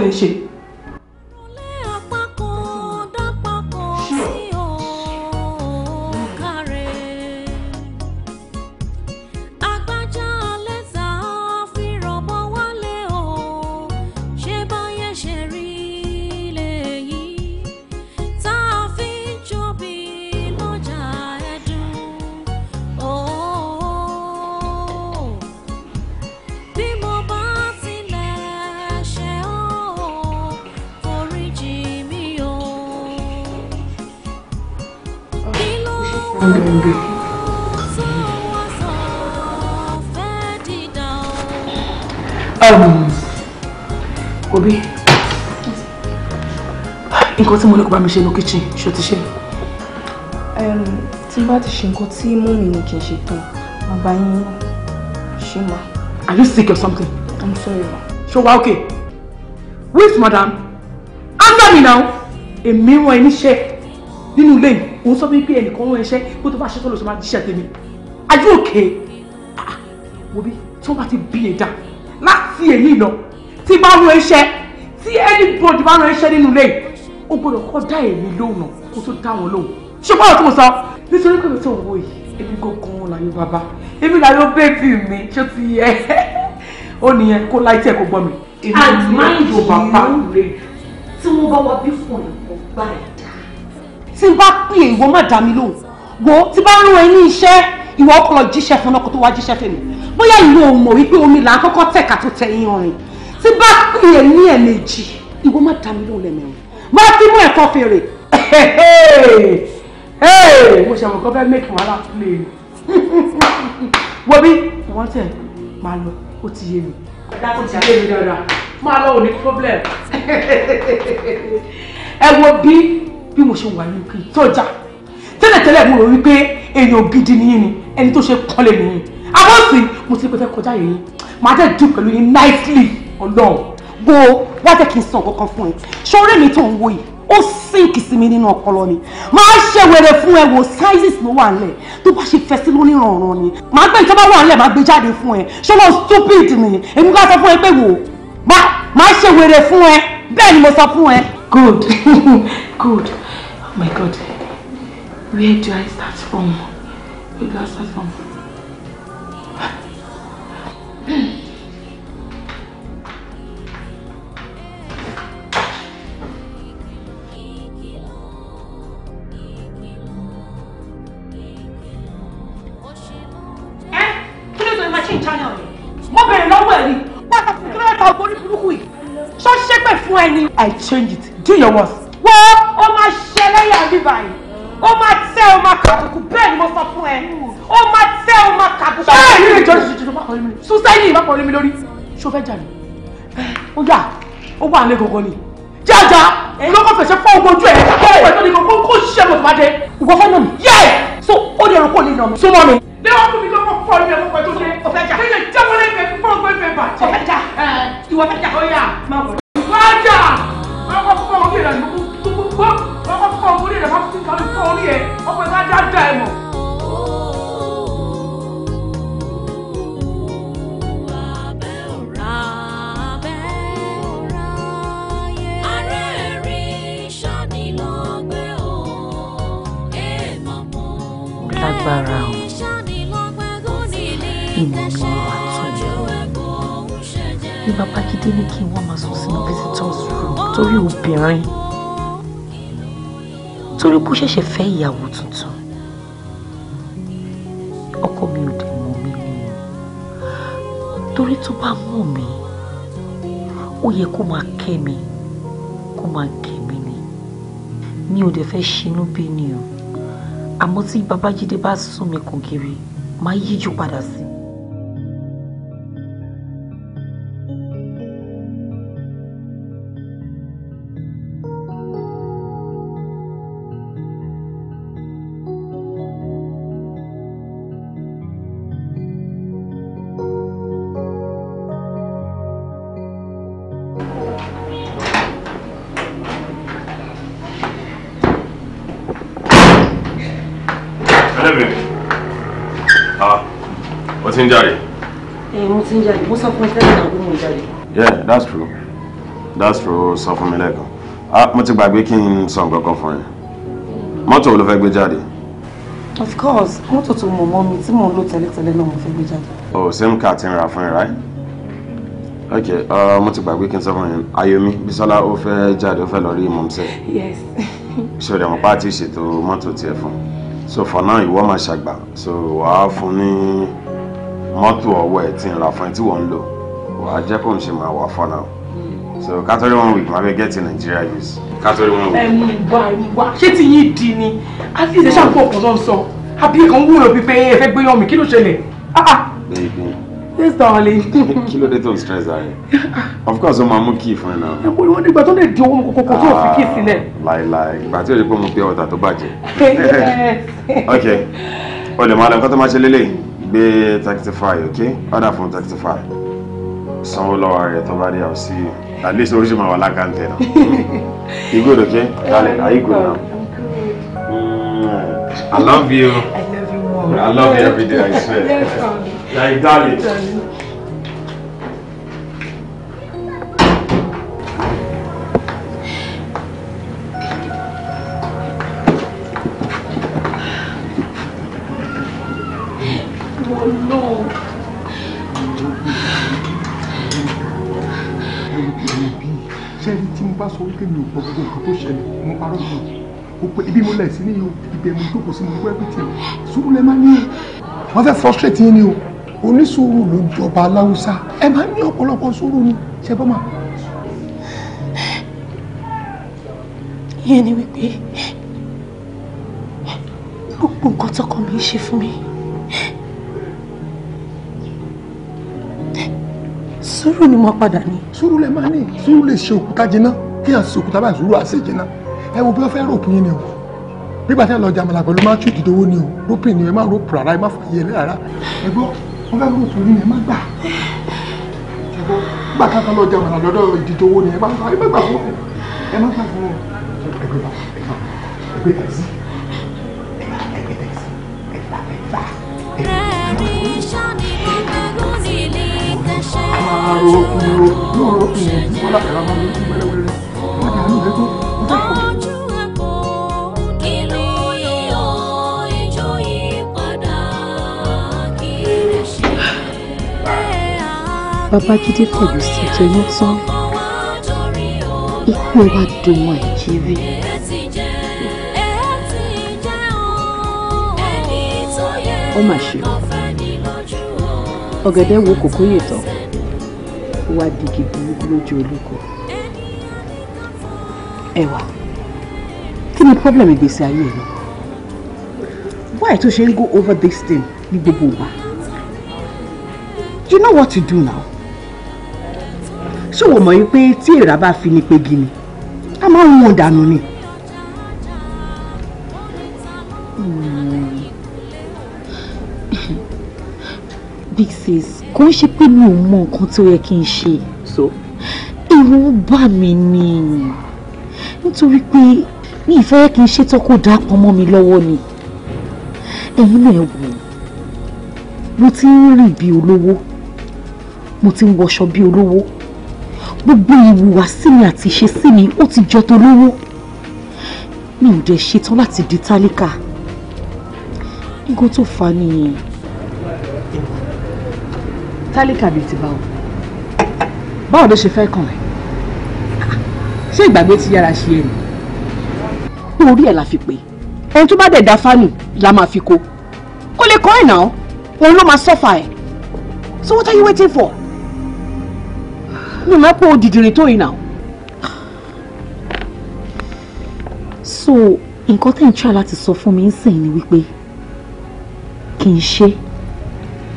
ẹ̀ ní Obi, nǹkan tí mo ní kó bá mi ṣe ní kitchen ṣó ti ṣe. tí bá ti ṣe nǹkan tí mú mi ní kí n ṣe tán màá bá yín ṣe mọ́. are you sick or something. i'm sorry ma. ṣó wá okay wait madam answer me now èmi wọn ẹni ṣe nínú ilé yìí òun sọ pé ẹnìkan wọn ẹṣẹ kó tó bá ṣe tó lọ sọ máa jíṣẹ́ tèmi are you okay. wo ah, bí tí wọ́n bá ti bí ẹ̀dá láti èyí lọ tí bá rán iṣẹ́ tí anybody bá rán iṣẹ́ nínú ilé ó gbọ́dọ̀ kọ́ dá èmi lóhùn kó tó dá wọn lóhùn ṣùgbọ́n ọ̀tún mo sọ nítorí pé mi tó ń wo yìí èmi gangan láyé bàbá èmi láyé ó bẹ́ẹ̀bì mi ṣó ti yẹ ó nìyẹn kó láì tí ẹ kó gbọ́ mi. èmi ní ìlú bàbá rẹ tí wọ́n bá wá bí fún ẹ̀kọ́ gbà ẹ̀dá. tí n bá pè é ìwọ má dá mi lóhùn wo tí bá rán ẹ ní iṣẹ́ ìwọ ọkọ jíṣẹ́ fún ọkọ tó wá jíṣẹ́ fún mi bóyá ìlú òun mọ̀ wípé omi là ń kọ́kọ́ tẹ̀ka tó tẹ iyan rìn tí bá pè é ní ẹ̀ẹ̀mejì ìwọ má dá mi lóhùn lẹ́mẹ̀rin má fi mú ẹ̀kọ́ fèrè [LAUGHS] mo ṣe àwọn kan fẹ́ẹ́ mẹ́kì wàhálà lè wo bí wọ́n tẹ̀ máa lọ ó ti yé mi ó ti yé mi dáadáa máa lọ ò ní problem [LAUGHS] ẹ wo bí bí mo ṣe wà ní òkè tọ́jà tẹ́lẹ̀tẹ́lẹ̀ mo rò wípé èèyàn gidi nìyí ni ẹni tó ṣe kọ́lé nìyí àmọ́ sí mo ti pẹ́ fẹ́ kọjá yìí máa dẹ̀ dùn pẹ̀lú yín nicely. Ọlọ́run. wo wá jẹ́ kí n sọ kankan fún ẹ ṣọ́ọ́rẹ́ mi tó ń wo yìí ó sínkì sí mi nínú ọpọlọ ni máa ṣe wèrè fún ẹ wò sizes ló wà nílẹ̀ tó bá ṣe fẹ́ sí lónìí rànran ni máa gbé ìjọba wà nílẹ̀ máa gbé jáde fún ẹ ṣé stupid ni èmi ká sọ fún ẹ pé wò máa ṣe wèrè fún ẹ bẹ́ẹ̀ ni mo sọ fún ẹ. good [LAUGHS] good oh my god where do i start from where do i start from. ṣó ṣépè fún ẹni. I change it do your worst. wọ́n ó máa ṣẹlẹ́yà bíbáyìí ó máa tẹ́ ó máa kàbùkù bẹ́ẹ̀ ni mo sọ fún ẹ ó máa tẹ́ ó máa kàbùkù. ṣáà ní ìjọ ìṣèjì ló má kọ́ lé mi lórí sùsẹ́yìn má kọ́ lé mi lórí ṣó fẹ́ jà ní. ó yà ó wà lé gọ́gọ́ ni jájà olóko eh? fẹsẹ̀ fọ́ ogun ojú ẹ̀ ọ̀pọ̀ ìtọ́ni kan kó kó ṣiṣẹ́ mọ̀ tó bá dé. ìwọ fẹ́ nà mí. yẹ so ó lè rò kó lè nà mí. súnmọ́ mi. bí wọ́n fún mi lọ́wọ́ fọ́ mi ẹ̀ mọ́ pẹ̀lú ṣe. ọ̀fẹ́ jà. ṣe fún ọgbẹ́ ìwọ fẹ́ ó yà máa wọ́n kọ́ fún orí rẹ̀ ló kú kú gbọ́ wọ́n kọ́ fún orí rẹ̀ máa fi kàwé fún orí ẹ̀ ọmọ ẹ̀ ká dá ẹ̀ mọ̀. lágbára ìmọ̀ mi Babájídé ní kí n wá máa sùn sínú visitors room torí obìnrin torí bó ṣẹ̀ṣẹ̀ fẹ́ ìyàwó tuntun ọkọ mi ò dé mọ̀ mí ni torí tó bá mọ̀ mí ó yẹ kó máa kẹ́ mi kó máa kẹ́ mi ni mi ò dẹ̀ fẹ́ ṣinú bí ni o àmọ́ tí Babájídé bá sún mi kàn kiri máa yíjú padà sí ń yeah that's true that's true sọ fún mi lẹ́ẹ̀kan ah mo ti gbàgbé kí n sọ nǹkan kan fún ẹ mọ́tò wo ló fẹ́ gbé jáde. of course mọ́tò tó mọ̀ mọ́ mi tí mò ń lò tẹ́lẹ̀tẹ́lẹ̀ náà mo fẹ́ gbé jáde. oh same car ti ń ra fún ẹ right ok uh, mo ti gbàgbé kí n sọ fún yín Ayọ̀mí Bísọ́lá ó fẹ́ jáde ó fẹ́ lọ rí mọ̀mísẹ́. yes. [LAUGHS] ṣé o dẹ̀ mọ̀ pa àti ṣètò mọ́tò tiẹ̀ fún so for now ìwọ máa ṣàgbà so wàá fún ní. Ni mọ́tò ọwọ́ ẹ̀ tí ń ra fún ẹ tí wọ́n ń lò wàá jẹ́ kó n ṣe máa wà fọ́nà so kátólì one week máa bẹ gẹ́tì nàìjíríà yìí kátólì one week. ẹ̀mú ìwà ìwà ṣé ti yín di ni àti ìṣẹ̀ṣẹ̀ àpò ọ̀kan tó ń sọ àbí kan wúlò bíi pé ẹ fẹ́ gbé yan mi kí ló ṣẹlẹ̀. Ah, ah. baby yes darling. [LAUGHS] kí ló dé tó stress ara rẹ of course ó máa mú kí ìfún ẹ náà. ẹ wọ́n nígbà tó lè di owó kókó tó fi kí sílẹ̀. Ah, láìláì ìgbà tí o rí pé mo pe ọ̀tà tó bàjẹ́. [LAUGHS] [LAUGHS] ok o lè máa lọ nǹkan tó máa ṣe lélẹ́yìn gbé taxi five okay order from taxi five sanwó lọ́wọ́ rẹ̀ tó bá dé I'll see you at least owó ṣì máa wà lákàntẹ̀ náà [LAUGHS] you good okay darling are you good now mm, I love you I love you more I love you every day I swear like darling. bá sọ wípé mi ò gbọ́ gbogbo nǹkan tó ṣẹlẹ̀ mo parọ́ fún o pé ibi mo lẹ̀ sí níyì o ibẹ̀ mo jókòó sí mo gbọ́ ẹ̀pìtì o sùúrù lẹ máa ní o wọ́n fẹ́ frustrate yín ni o onísùúrù ló jọba aláwùsá ẹ máa ní ọ̀pọ̀lọpọ̀ sùúrù ni ṣe bọ́ mà. ìyẹn ni wípé gbogbo nǹkan tọkọ mi ń ṣe fún mi sùúrù ni mo padà ní. sùúrù lẹ máa ní sùúrù lè ṣe òkúta jìnnà kí hàn sí òkúta báyìí sùúrù àṣejì náà ẹ wo bí wọ́n fẹ́ ròpin yín ni o nígbà tí lọ jà màlà máa tù ìdídówó ni o rópin ni ẹ má ròpù rárá ẹ má fàyè ẹ rárá ẹ gbọ́ wọ́n fẹ́ ròpin ni ẹ má gbà gbà ká lọ jà màlà lọ́dọ̀ ni ẹ má gbà fún ẹ má gbà fún ẹgbẹ́ ẹgbẹ́ tẹ̀sí ẹgbẹ́ tẹ̀sí ẹgbà ẹgbà. Àròkùn ló rópin yẹn wọ́n láti ra máa ń lójú mẹ́rẹ́wẹ́rẹ́ ìlú rẹ tó sí jẹyọ tán ikú ẹ dùn mọ́ Nàìjíríà. ó mà ṣe o ọ̀gẹ̀dẹ̀ wo kòkó yìí tán wá digi burúkú lójú olóko ẹwà kí ni problem ìgbésí ayé ẹ lọ why tó ṣe ń go over this thing ní gbogbo wa you know what to do now ṣé wò mọ̀ yín pé tí èèrà bá fi ni pé gini a máa ń wọn dànù ni. big hmm. sis kò ń ṣe pé mi ò mọ nǹkan tó yẹ kí n ṣe so èrò bà mí ni nítorí pé mi ìfẹ́ kì í ṣètò kó dá pọnmọ́ mi lọ́wọ́ ni ẹ̀yin náà wò ó mo ti ń rìn bí olówó mo ti ń wọṣọ bí olówó gbogbo ìhùwàsí mi àti ìṣesí mi ó ti jọ tó lówó mi ò dẹ̀ ṣetán láti di tálíkà nǹkan tó fà nìyẹn. tálíkà bíi ti báwo báwo ló ṣe fẹ́ kàn ẹ́ ṣé ìgbàgbé ti yára ṣe ẹ̀rù. orí ẹ̀ la fi pè ẹni tó bá dẹ̀ da fánù la máa fi kó kó lè kọ́ ẹ̀ náà òun ló máa sọ́fà ẹ̀ so what are you waiting for? mi ò máa pọ̀ òdìdìrín tó yìí náà. so nǹkan tẹ̀ ń ṣá láti sọ fún mi ń sìn ni wípé kì í ṣe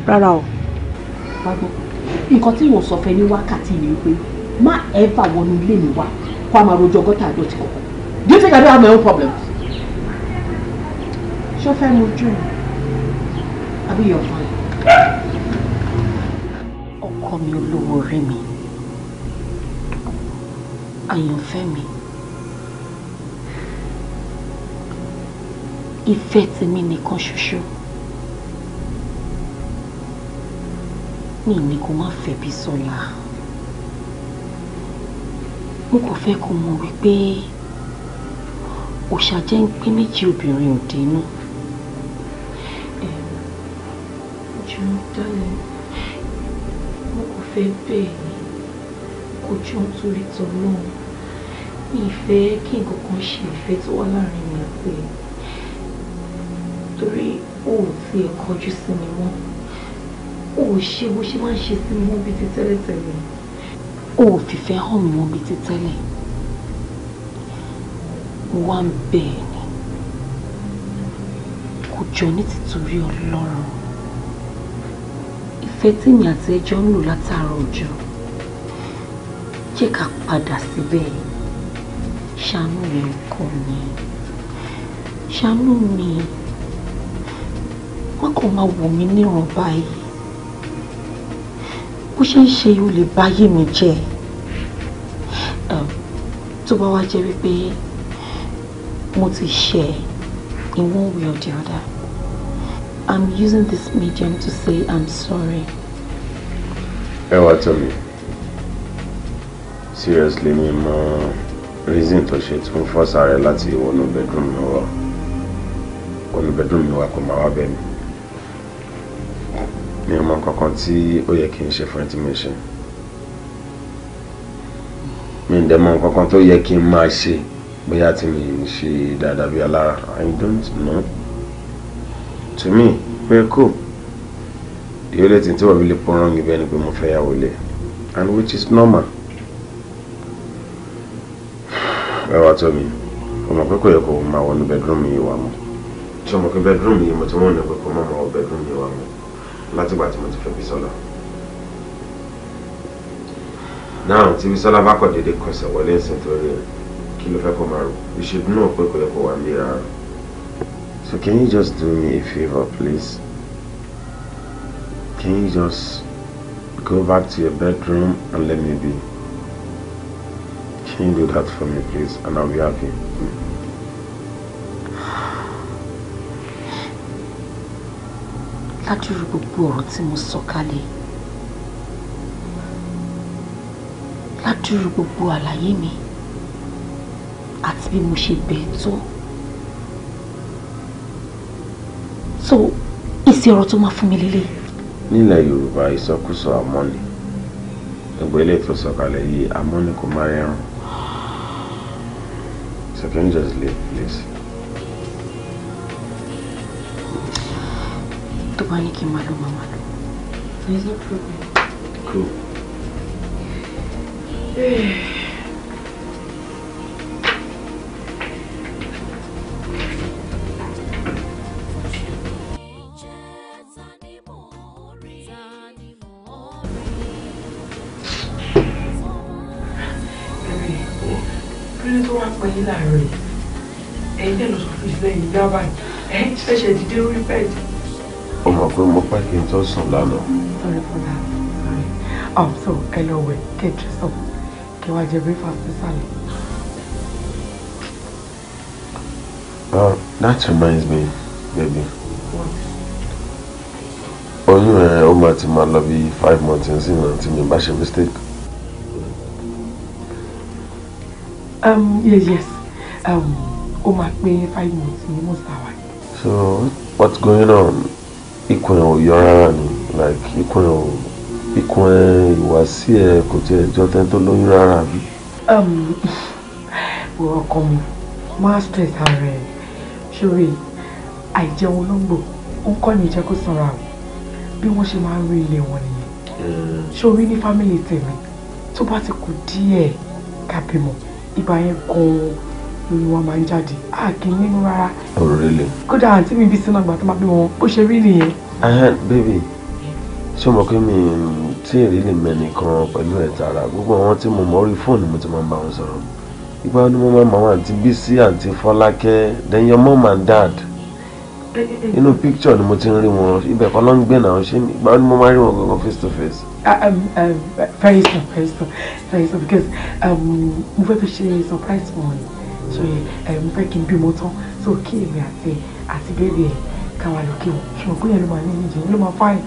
rárá o. nǹkan tí yóò sọ fẹ́ ní wákàtí ni wípé má ẹ̀ bà wọnú ilé mi wá kó a máa rojọ́ gọ́tà àdótì kọ̀ọ̀kan do you think I don't have my own problems? ṣó fẹ́ mojú mi àbí yọ̀ fún mi. ọkọ mi olówó orí mi àyànfẹ́ mi ìfẹ́ tèmi nìkan ṣoṣo mi ní kó má fẹ́ bí sọ́la. So mo kò fẹ́ kó mọ̀ wípé òòṣà jẹ́ ń pé méjì obìnrin ò dénú. jù darling mo kò fẹ́ bẹ́ẹ̀ ni kò jọ nítorí tọ́lọ́run ìfẹ́ kí nǹkan kan ṣe ìfẹ́ tó wà láàrin mi àti torí o ò tiẹ̀ kọjú sí mi mọ́ o ò ṣe bó ṣe máa ń ṣe sí mi mọ́ bíi ti tẹ́lẹ̀tẹ́lẹ̀ o ò fìfẹ́ hàn mí wọn bíi ti tẹ́lẹ̀ mo wá ń bẹ̀ ẹ́ ni kò jọ ní tìtorí ọlọ́run ìfẹ́ tèmi àti ẹjọ́ ń lò látàárọ̀ ọjọ́ jẹ́ ká padà síbẹ̀ ṣàánú mi ọkọ mi ṣàánú mi wọn kò máa wò mí níran báyìí bó ṣe ń ṣe o lè ba mi jẹ́ tó bá wá jẹ́ wípé mo ti ṣe in one way or the other I'm using this medium to say I'm sorry. ẹ wá tọ́ mi seriously mi mọ reason tó ṣe tún fọ́ sáré láti wọnú bedroom mi wá wọnú bedroom mi wá kó máa wá bẹ́ẹ̀ mi nǹkan tí ó yẹ kí n ṣe fún ẹ tí ṣe mi ò dẹ̀ mọ nǹkan tó yẹ kí n máa ṣe bóyá tí mi ń ṣe dáadáa bí alára I don't know to me pé kò the only thing tí wọ́n fi lè pọ́n rán mi bẹ́ẹ̀ ni pé mo fẹ́ yàwó lé and which is normal ẹ wá tọ́ mi ọmọ pé kò yẹ kó máa wọnú bedroom yìí wà mọ́ tí ọmọ pé bedroom yìí mo ti wọ́n ní pé kó má máa bedroom yìí wà mọ́ látìgbà tí mo ti fẹ́ Bísọ́lá náà tí Bísọ́lá bá kọ̀ déédéé kọsẹ̀ wọlé ẹ̀sìn tó rí kí ló fẹ́ kó máa rò ìṣègùn náà pé kò yẹ kó wà ní rárá. So can you just do me a favor, please? Can you just go back to your bedroom and let me be? Can you do that for me, please? And I'll be happy. ládùúrú gbogbo ọ̀rọ̀ tí mo sọ kalẹ̀ ládùúrú gbogbo àlàyé mi àti bí mo ṣe bẹ̀ẹ́ tó so èsì ọ̀rọ̀ tó máa fún mi lélẹ̀. nílẹ̀ yorùbá ìsọkúsọ àmọ́ ni ẹgbẹ́ ilé tó sọ̀kalẹ̀ yìí àmọ́ ni kò má rẹrùn so can you just leave please. tó bá ní kí n máa lọ no problem. cool. kílódé tó wá pẹ́ yín láàárọ̀ yìí ẹ̀yin dẹ̀ lọ sọ fún ìdílé yìí yá báyìí o pé mo pẹ́ kí n tó sùn lánàá. sorry for that sorry um, so ẹ lọ wẹ̀ kí ẹ dress up kí wàá jẹ breakfast nísàlẹ̀. Oh, that reminds me baby oyún ẹ ó máa ti máa lọ bí five months nsìn náà tí mi bá ṣe mistake. Um, yes, yes. Um, ó máa pé five months ni mo ṣàwárí. So, what's going on? ikùn ẹ̀ ò yọ rárá ni like ikùn ẹ̀ ò ikùn ẹ̀ ìwàsí ẹ̀ kò tiẹ̀ jọ tẹ́ tó lóyún rárá bí. Um, [LAUGHS] wọ ọkọ mi máa stress ara ẹ sórí àìjẹun olóńgbò ó ń kọ́ ní ìjẹ́ kó sanra o bí wọ́n ṣe máa ń rí ilé wọn nìyẹn mm. sórí ní fámìlì tèmi tó bá ti kù díẹ̀ ká bímọ yẹn gan-an lórí wọn máa ń jáde a kì í nínú rárá. ọ̀rọ̀ rẹ lè. kódà àǹtí mi bí sínú àgbà tó máa bí wọn bó ṣe rí nìyẹn. bébì ṣé mo kí mi tí èrè lè mẹ́ni kan pẹ̀lú ẹ̀ tààrà gbogbo àwọn tí mo mọ̀ orí fóònù mo ti máa ń bá wọn sọ̀rọ̀ ipa ni mo máa ń mọ àwọn àǹtí Bísí àǹtí Fọlákẹ́ then your mom and dad eh, eh, eh. inú picture ni mo ti ń rí wọn ibẹ̀ kan ló ń gbẹ̀ náà ṣé ìgbà ni mo máa ń rí wọn gangan face to face. very soon very soon very soon because um, mo fẹ́ fi ṣe surprise fún wọn so ẹ eh, mo fẹ́ kí n bímọ tán so kí èmi àti àti bébì ẹ ká wà lókè o ṣùgbọ́n kúnyẹn ló máa ní ìjẹ ló máa fáyìn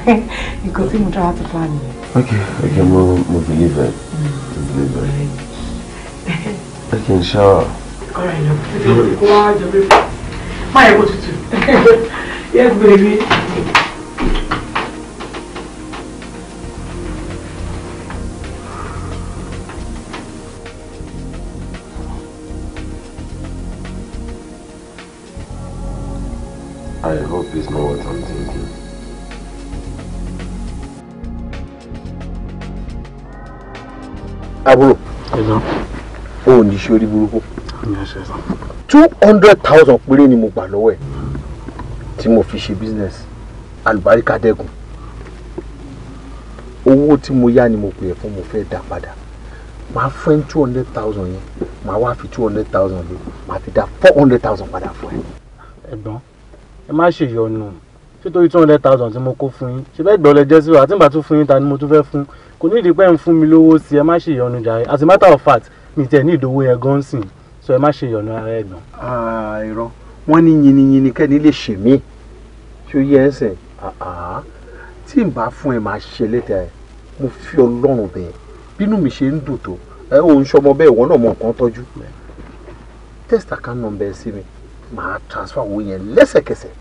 [LAUGHS] nǹkan tí mo dára ti fa nìyẹn. ok ok mo mo believe it hmm. mo believe it ẹ kì í ṣáà. ọ̀rọ̀ ẹ̀ lọ sí kó wá jọ bí máa yẹ kó tutù [LAUGHS] yes baby. two hundred thousand péré ni mo gbà lọ́wọ́ ẹ̀ tí mo fi ṣe business alùbáríkà dẹ́gùn owó tí mo yá ni mo pè é fún mo fẹ́ dá padà màá fẹ́ two hundred thousand yẹn màá wá fi two hundred thousand lé màá fi dá four hundred thousand padà fún ẹ. ẹ̀gbọ́n ẹ má ṣèyọnu nítorí two hundred thousand tí mo kó fún yín ṣe bẹ́ẹ̀ gbọ́lẹ̀ jẹ́ sí wa àti ìgbà tó fún yín ta ni mo tún fẹ́ fún kò ní ìdí pé ń fún mi lówó sí ẹ má ṣèyọnu jàre as a matter of fact mi tẹ̀ ní ìdówó yẹn gan-an sìn so ẹ má ṣe yọ̀nù ara ẹ̀ gbọ̀n. Ah, irọ́ wọ́n ní yinyinyin kẹ́ni lè ṣe mí ṣó yẹ ẹsẹ̀ tí n bá fún ẹ máa ṣe létà ẹ mo fi ọlọ́run bẹ́ẹ̀ bínú mi ṣe ń dùn tó ẹ ò ń ṣọmọ bẹ́ẹ̀ wọ́n náà mọ nǹkan tọ́jú test account number ẹ sí mi màá transfer owó yẹn lẹ́sẹ̀kẹsẹ̀.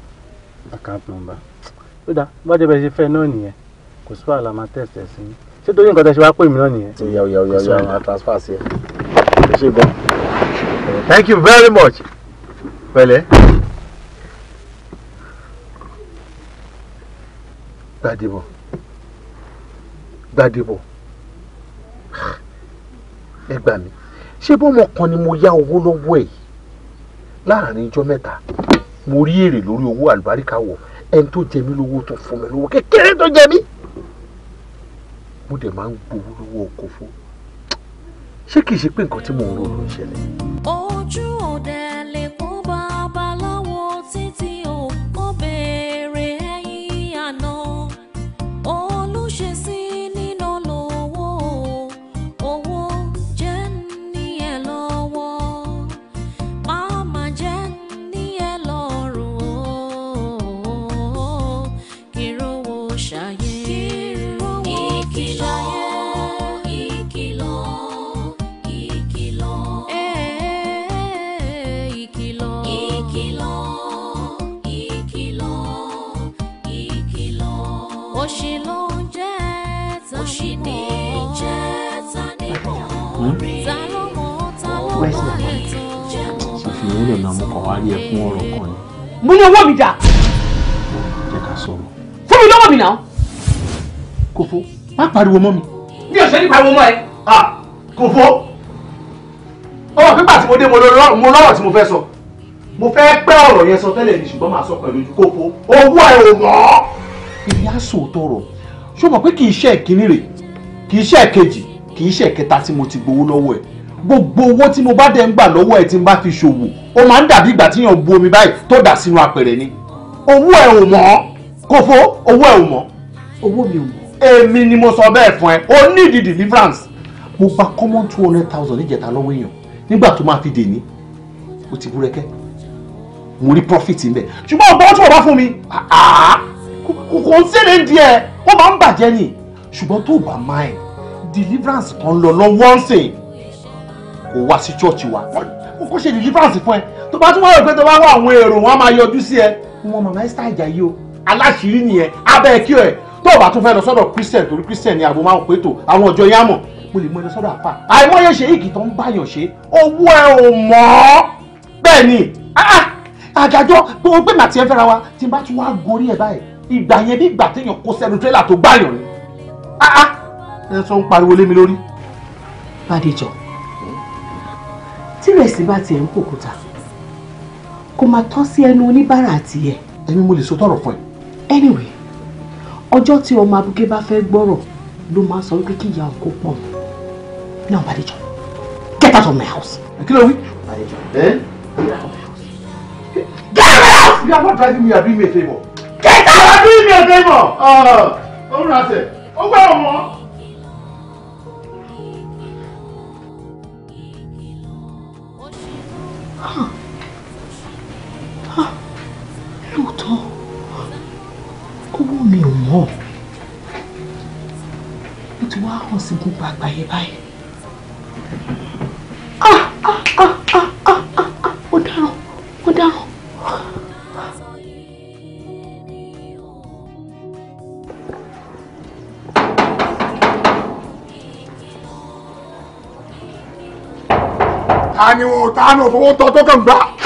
account number ó dáa bá jẹ́ bẹ́ẹ̀ ṣe fẹ́ náà nìyẹn kò sí wàhálà máa test ẹ sí ṣé torí nǹkan tẹ́ ṣe wá pè mí náà nìyẹn. ìyá ìyá ìyá ìyá máa transfer sí ẹ ṣe gan thank you very much pẹ̀lẹ́. Gbadebo Gbadebo ẹ gbà mí ṣé bọ́mọ kan ni mo yá owó lọ́wọ́ ẹ̀ láàrin ijọ́ mẹ́ta mo rí èrè lórí owó àlùbáríkà wọ̀ ẹni tó jẹ mí lówó tó fún mi lówó kékeré tó jẹ mí mo dẹ̀ máa ń gbowó lówó ọkọ̀ fún ṣé kìí ṣe pé nǹkan tí mò ń rò ń ṣẹlẹ̀. ojú ọ̀dẹ tẹ́lẹ̀ náà mo kàn wá rí ẹ fún ọ̀rọ̀ kan ni. mo ní owó mi dà. jẹ́ ká sọ̀rọ̀. fún mi lọ́wọ́ mi náà. kòfó má pariwo mọ́ mi. mi ò ṣe ní pariwo mọ́ ẹ. kòfó ọwọ́ pípa tí mo dé mo lọ́rọ̀ tí mo fẹ́ sọ mo fẹ́ pẹ́ ọ̀rọ̀ yẹn sọ tẹ́lẹ̀ ni ṣùgbọ́n màá sọ pẹ̀lú ojú kòfó owó ẹ ò mọ́. ìyá sòótọ́ rọ̀ ṣó mọ̀ pé kì í ṣe ìkíní rẹ̀ kì í ṣe ìkejì kì í ṣe ìkẹta tí mo ti gbowó lọ́wọ́ ẹ̀ gbogbo owó tí mo bá dẹ̀ ń gbà lọ́wọ́ ẹ̀ tí n bá fi ṣòwò ó máa ń dàbí ìgbà tíyàn bu omi báyìí tó dà sínú apẹ̀rẹ̀ ni owó ẹ̀ ò mọ́ kófó owó ẹ̀ ò mọ́. owó mi ò mọ́. èmi ni mo sọ bẹ́ẹ̀ fún ẹ o ní ìdí deliverance. mo gba common two hundred thousand níjẹta lọ́wọ́ èèyàn nígbà tó máa fi dèní o ti búrẹ́kẹ́ mo rí profit ń bẹ̀ ṣùgbọ́n ọgbọ́n tí wọ́n bá fún mi kò ń ṣẹlẹ̀ díẹ̀ wọ́n máa ń bàjẹ́ ni ṣùgbọ́n tó bá máa ẹ̀ deliverance kan lọ lọ́wọ́ ń sìn kò wá sí chọ́ọ̀chì wa mo kọ́ ṣe deliverance fún ẹ tó bá tún wá rò pé tó bá wá àwọn èrò wọn á máa yọjú sí ẹ wọn màmá ẹ ìjà yìí o aláṣìírí nìyẹn abẹ́ kí ẹ tó o bá tún fẹ́ lọ sọ́dọ̀ christian torí christian ni àbò máa ń pétò àwọn ọjọ́ yẹn á mọ̀ mo lè mú ẹ lọ sọ́dọ̀ àpá àìmọye ṣe ìkì tó ń báyọ̀ ṣe owó ẹ ò mọ̀ ọ́ bẹ́ẹ̀ ni ah, ah. àgàjọ pé o pé màtí ẹ fẹ́ra wa tí n bá tún wá gorí ẹ báyìí ìgbà yẹn bí ìgbà téèyàn kó sẹ́nu tírélà tó gbáyọ̀ tírẹ̀sì bá tiẹ̀ ń pòkúta kò máa tán sí ẹnu oníbàárà àti ẹ̀. èmi mo lè sọ tọrọ fún ẹ. anyway ọjọ́ tí ọmọ abúgé bá fẹ́ gbọ́rọ̀ ló máa sọ wípé kí ìyá òun kó pọ̀ mọ́ now Badejo get out of my house. kí ló wí. Badejo ẹ. get out of my house. get out of my house. you are not driving me you are doing me a favour. get out. you are doing me a favour. ọ̀run àtẹ̀ ó gbọ́dọ̀ wọ́n. sí gbogbo àgbáyé báyìí. ó ah, ah, ah, dáràn ó dáràn. ta ni wọn ta ni òfowó tọ tó kàn gbà.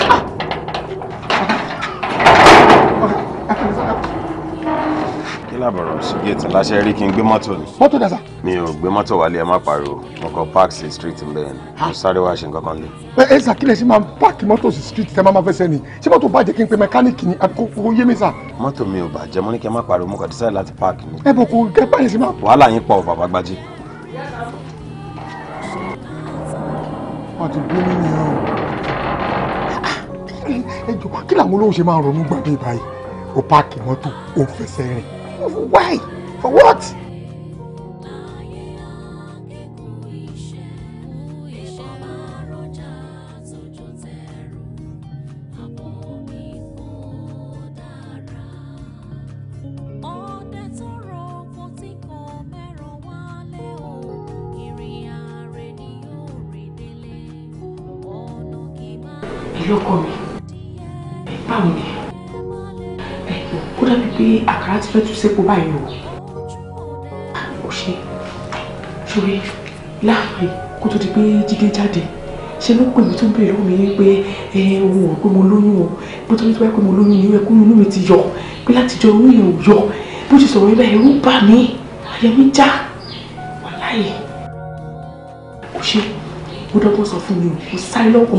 ṣìgẹ́tì láṣẹ rí kí n gbé mọ́tò ni. mọ́tò dà sá. mi ò gbé mọ́tò wálé ẹ má pariwo mo kọ park sí street mbẹ ni mo sáré wá ṣe nǹkan kan lé. ẹ ẹ sà kílẹ̀ ṣe máa ń mọ́tò sí street tẹ́ máa máa fẹsẹ̀ ni ṣé mọ́tò bàjẹ́ kí n pe mẹkáníìkì ni àkókò yé mi sà. mọ́tò mi ò bàjẹ́ mo ní kí ẹ má pariwo mo kàn ti sáré láti páàkì ni. ẹ bọ̀ kò kẹ́ báyìí ṣe máa. wàhálà yín pọ̀ bàbá gbajú. wọ́n ti gbé mi o. Ah, ẹ jọ kí làwọn olówó o páàkì mọ́tò o fẹsẹ̀ rìn Why? For what? se sípò báyìí o ò ṣe ṣorí láàrin kó tó di pé jíde jáde ṣe ló pè mí tó ń béèrè lọ́wọ́ mi pé ohun ò pé mo lóyún o bó tó ní tó bá pé mo lóyún ni ó yẹ kó inú mi ti yọ pé látijọ́ inú yẹn o, yọ bó ṣe sọ̀rọ̀ ibà ẹ̀rù bà mí àyà mi já wàláyé o, ṣe o, dọ́gbọ́n sọ fún mi o mo sáré lọ́wọ́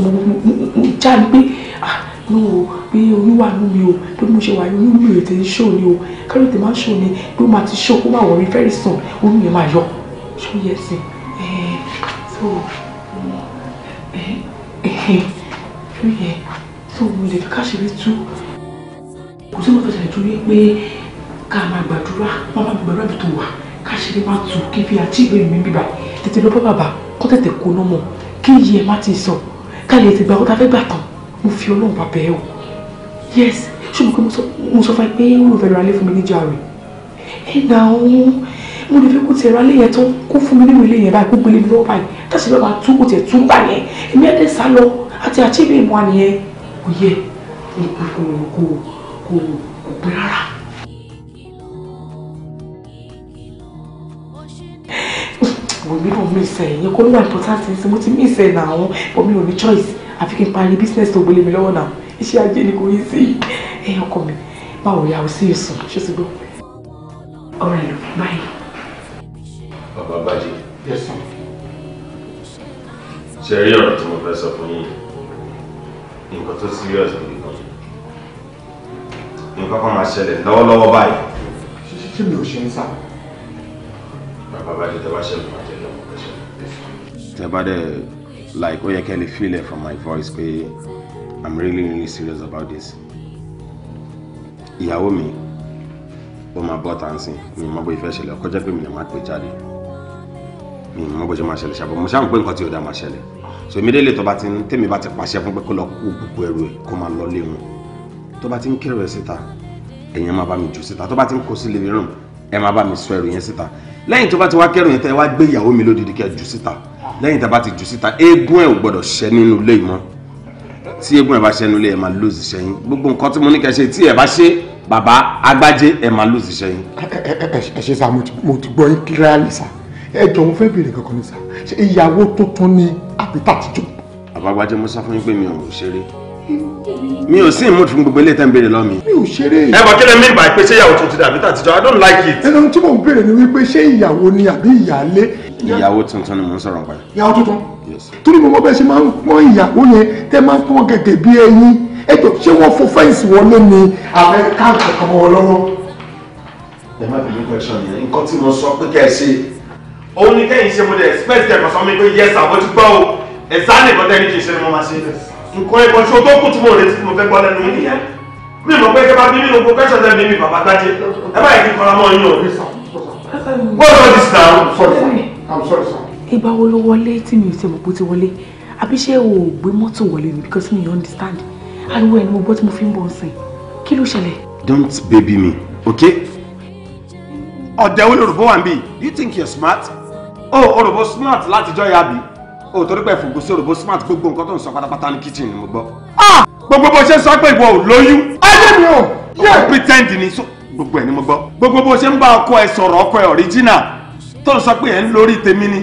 mo já ni pé ah ní o pé oyún wà nínú mi o pé mo ṣe wà oyún mi rètè ń ṣò ni o kẹ́rù tè máa ń ṣò ni pé ó máa ti ṣò kó máa wọ̀rí fẹ́rẹ̀ sàn oyún yẹn máa yọ ṣó yẹ sí so ẹ ẹ ṣó yẹ so mo lè fi káṣírí tú kò sí mo fẹ́ ṣàlẹ̀ torí pé ká máa gbàdúrà máa máa gbàdúrà bí tó wà káṣírí máa tù kí fi àjíìbẹ̀ mi bíbà tètè lọ bá bàbá kó tètè kó náà mọ̀ kí iye má ti sọ ká lè ti gbà kó ta fẹ́ gbà tán mo fi ọlọ́run bá bẹ́ẹ̀ o yes ṣùgbọ́n pé mo sọ fún ẹ pé mo fẹ́ ra ilé fún mi níjà rẹ̀ ẹ̀ nà òun mo lè fi kó tiẹ̀ ra ilé yẹn tán kó fún mi nínú ilé yẹn báyìí kó gbélé mi lọ́wọ́ báyìí tàṣí lọ́ba tú kó tiẹ̀ tú gbà yẹn èmi ẹ̀dẹ̀ sá lọ àti àchíbẹ̀ ìmọ̀ àníyẹn kò yẹ kó kó kó kó pé rárá. mi ò miss ẹ yẹn kó ló wà important sí mo ti miss náà àwọn but mi ò ní choice àfi kí n parí business tó gbélé mi lọ́wọ́ náà iṣẹ́ ajé ni kò yí sí ẹ ọkọ mi báwo ya o sí ìsùn ṣé ti gbọ́. ọ̀rọ̀ ẹ̀ ló báyìí. bàbá bàjẹ́. yes sir. ṣe rí ọ̀rọ̀ tí mo fẹ́ sọ fún yín nǹkan tó serious gidi gan nǹkan kan máa ṣẹlẹ̀ lọ́wọ́lọ́wọ́ báyìí. ṣé mi ò ṣe ń sá. bàbá bàjẹ́ tẹ wá ṣẹlẹ̀ máa jẹ tẹ bá dẹ like ó yẹ feel it from my voice pé i'm really really serious about this ìyàwó mi ó máa bọ́ tá mi mọ́ bó ifẹ́ ṣẹlẹ̀ ọkọ jẹ́ pé mi lè má pè jáde mi mọ́ bó ṣe máa ṣẹlẹ̀ ṣàbọ̀ mo ṣáà ń pé nǹkan tí ò dá máa ṣẹlẹ̀ so immediately tó bá ti ń tèmi bá ti pàṣẹ fún pé kó lọ kó gbogbo ẹrù ẹ kó máa lọ lé wọn tó bá ti ń kérò ẹ síta ẹ̀yin máa bá mi jù síta tó bá ti ń kó sí living ẹ máa bá mi sọ ẹrù yẹn síta lẹ́yìn tó bá ti wá kẹrù yẹn tẹ́ wá gbé ìyàwó mi lódìdí kẹ́ jù síta lẹ́yìn tá a bá ti jù síta eégún ẹ̀ ò gbọ́dọ̀ ṣẹ́ nínú ilé yìí mọ́ tí eégún ẹ̀ bá ṣẹ́ nínú ilé ẹ̀ máa lose iṣẹ́ yín gbogbo nǹkan tí mo ní kẹ́ ṣe tí ẹ̀ bá ṣe bàbá agbájé ẹ̀ máa lose iṣẹ́ yín. ẹ ṣe sá mo ti gbọ́ yín kíláàlì sá ẹ jọ mo fẹ́ béèrè kankan ní sá ṣe ìyàwó tuntun ni àbítà ti jọ. bàbá agbájé mo sá fún yín pé mi ò ṣeré mi ò sí ìmúdù fún gbogbo ilé tẹ́ ń béèrè lọ́mi. mi ò ṣeré. ẹ bọ kí lè mí ìgbà pé ìyàwó tuntun dàbí tàtijọ́ i don't like it. ẹnu tí mò ń béèrè ni wípé ṣé ìyàwó ni àbí ìyáálé ìyàwó tuntun ni mò ń sọ̀rọ̀ nípa rẹ̀. ìyàwó tuntun torí mo mọ bẹ́ẹ̀ ṣe máa ń pọ́n ìyàwó yẹn tẹ́ máa ń pọ́n gẹ́gẹ́ bí ẹyin ètò ṣé wọ́n fún fẹ́ǹsì wọlé ni àwọn káàkiri kan mọ́ wọn lọ́wọ́. ẹ má bìí question yẹn nǹkan tí mo sọ pé kẹ́ ẹ ṣe. òun ni kẹ́yìn ṣe mo dẹ̀ expect ẹ̀ kọ́sọ́ mi pé yes àwọn ti gbọ́ o ẹ̀sán nìkan tẹ́ni kì í ṣe ni mo máa ṣe. nǹkan ẹ̀kọ́ ṣo tó kù tí mo retí tí mo fẹ́ gbọ́ lẹ́nu mi nìyẹn. mi mọ̀ pé kẹ́ bá bí nínú question tẹ́ mi mi bàbá gbájé ẹ bá yẹ kí n kọ́ra mọ́ yín o. wọ́n lọ I'm sorry sir. ìgbà wo ló wọlé tí mi ò ṣe mọ̀ pé ó ti wọlé àbí ṣé o ò gbé mọ́tò wọlé ni because mi yóò understand ariwo ẹ̀ ni mo gbọ́ tí mo fi ń bọ̀ ọ̀sìn kí ló ṣẹlẹ̀. don't baby me okay. ọ̀dẹ̀ wo lorúbọ wà ń bì you think you're smart oh orúbọ smart látijọ́ ya bì oh torí pé fògbó sí orúbọ smart gbogbo nǹkan tó ń sọ pátápátá ní kitchen ni mo gbọ́. ah gbogbo bó ṣe ń sọ pé ìwọ ò lóyún. ayé mi ò. yóò pretend ni so gbogbo ẹ̀ ni mo gbọ́ gbogbo bó ṣe ń bá ọkọ ẹ sọ̀rọ̀ ọkọ ẹ original tó ń sọ pé ẹ̀ ń lórí tèmi ni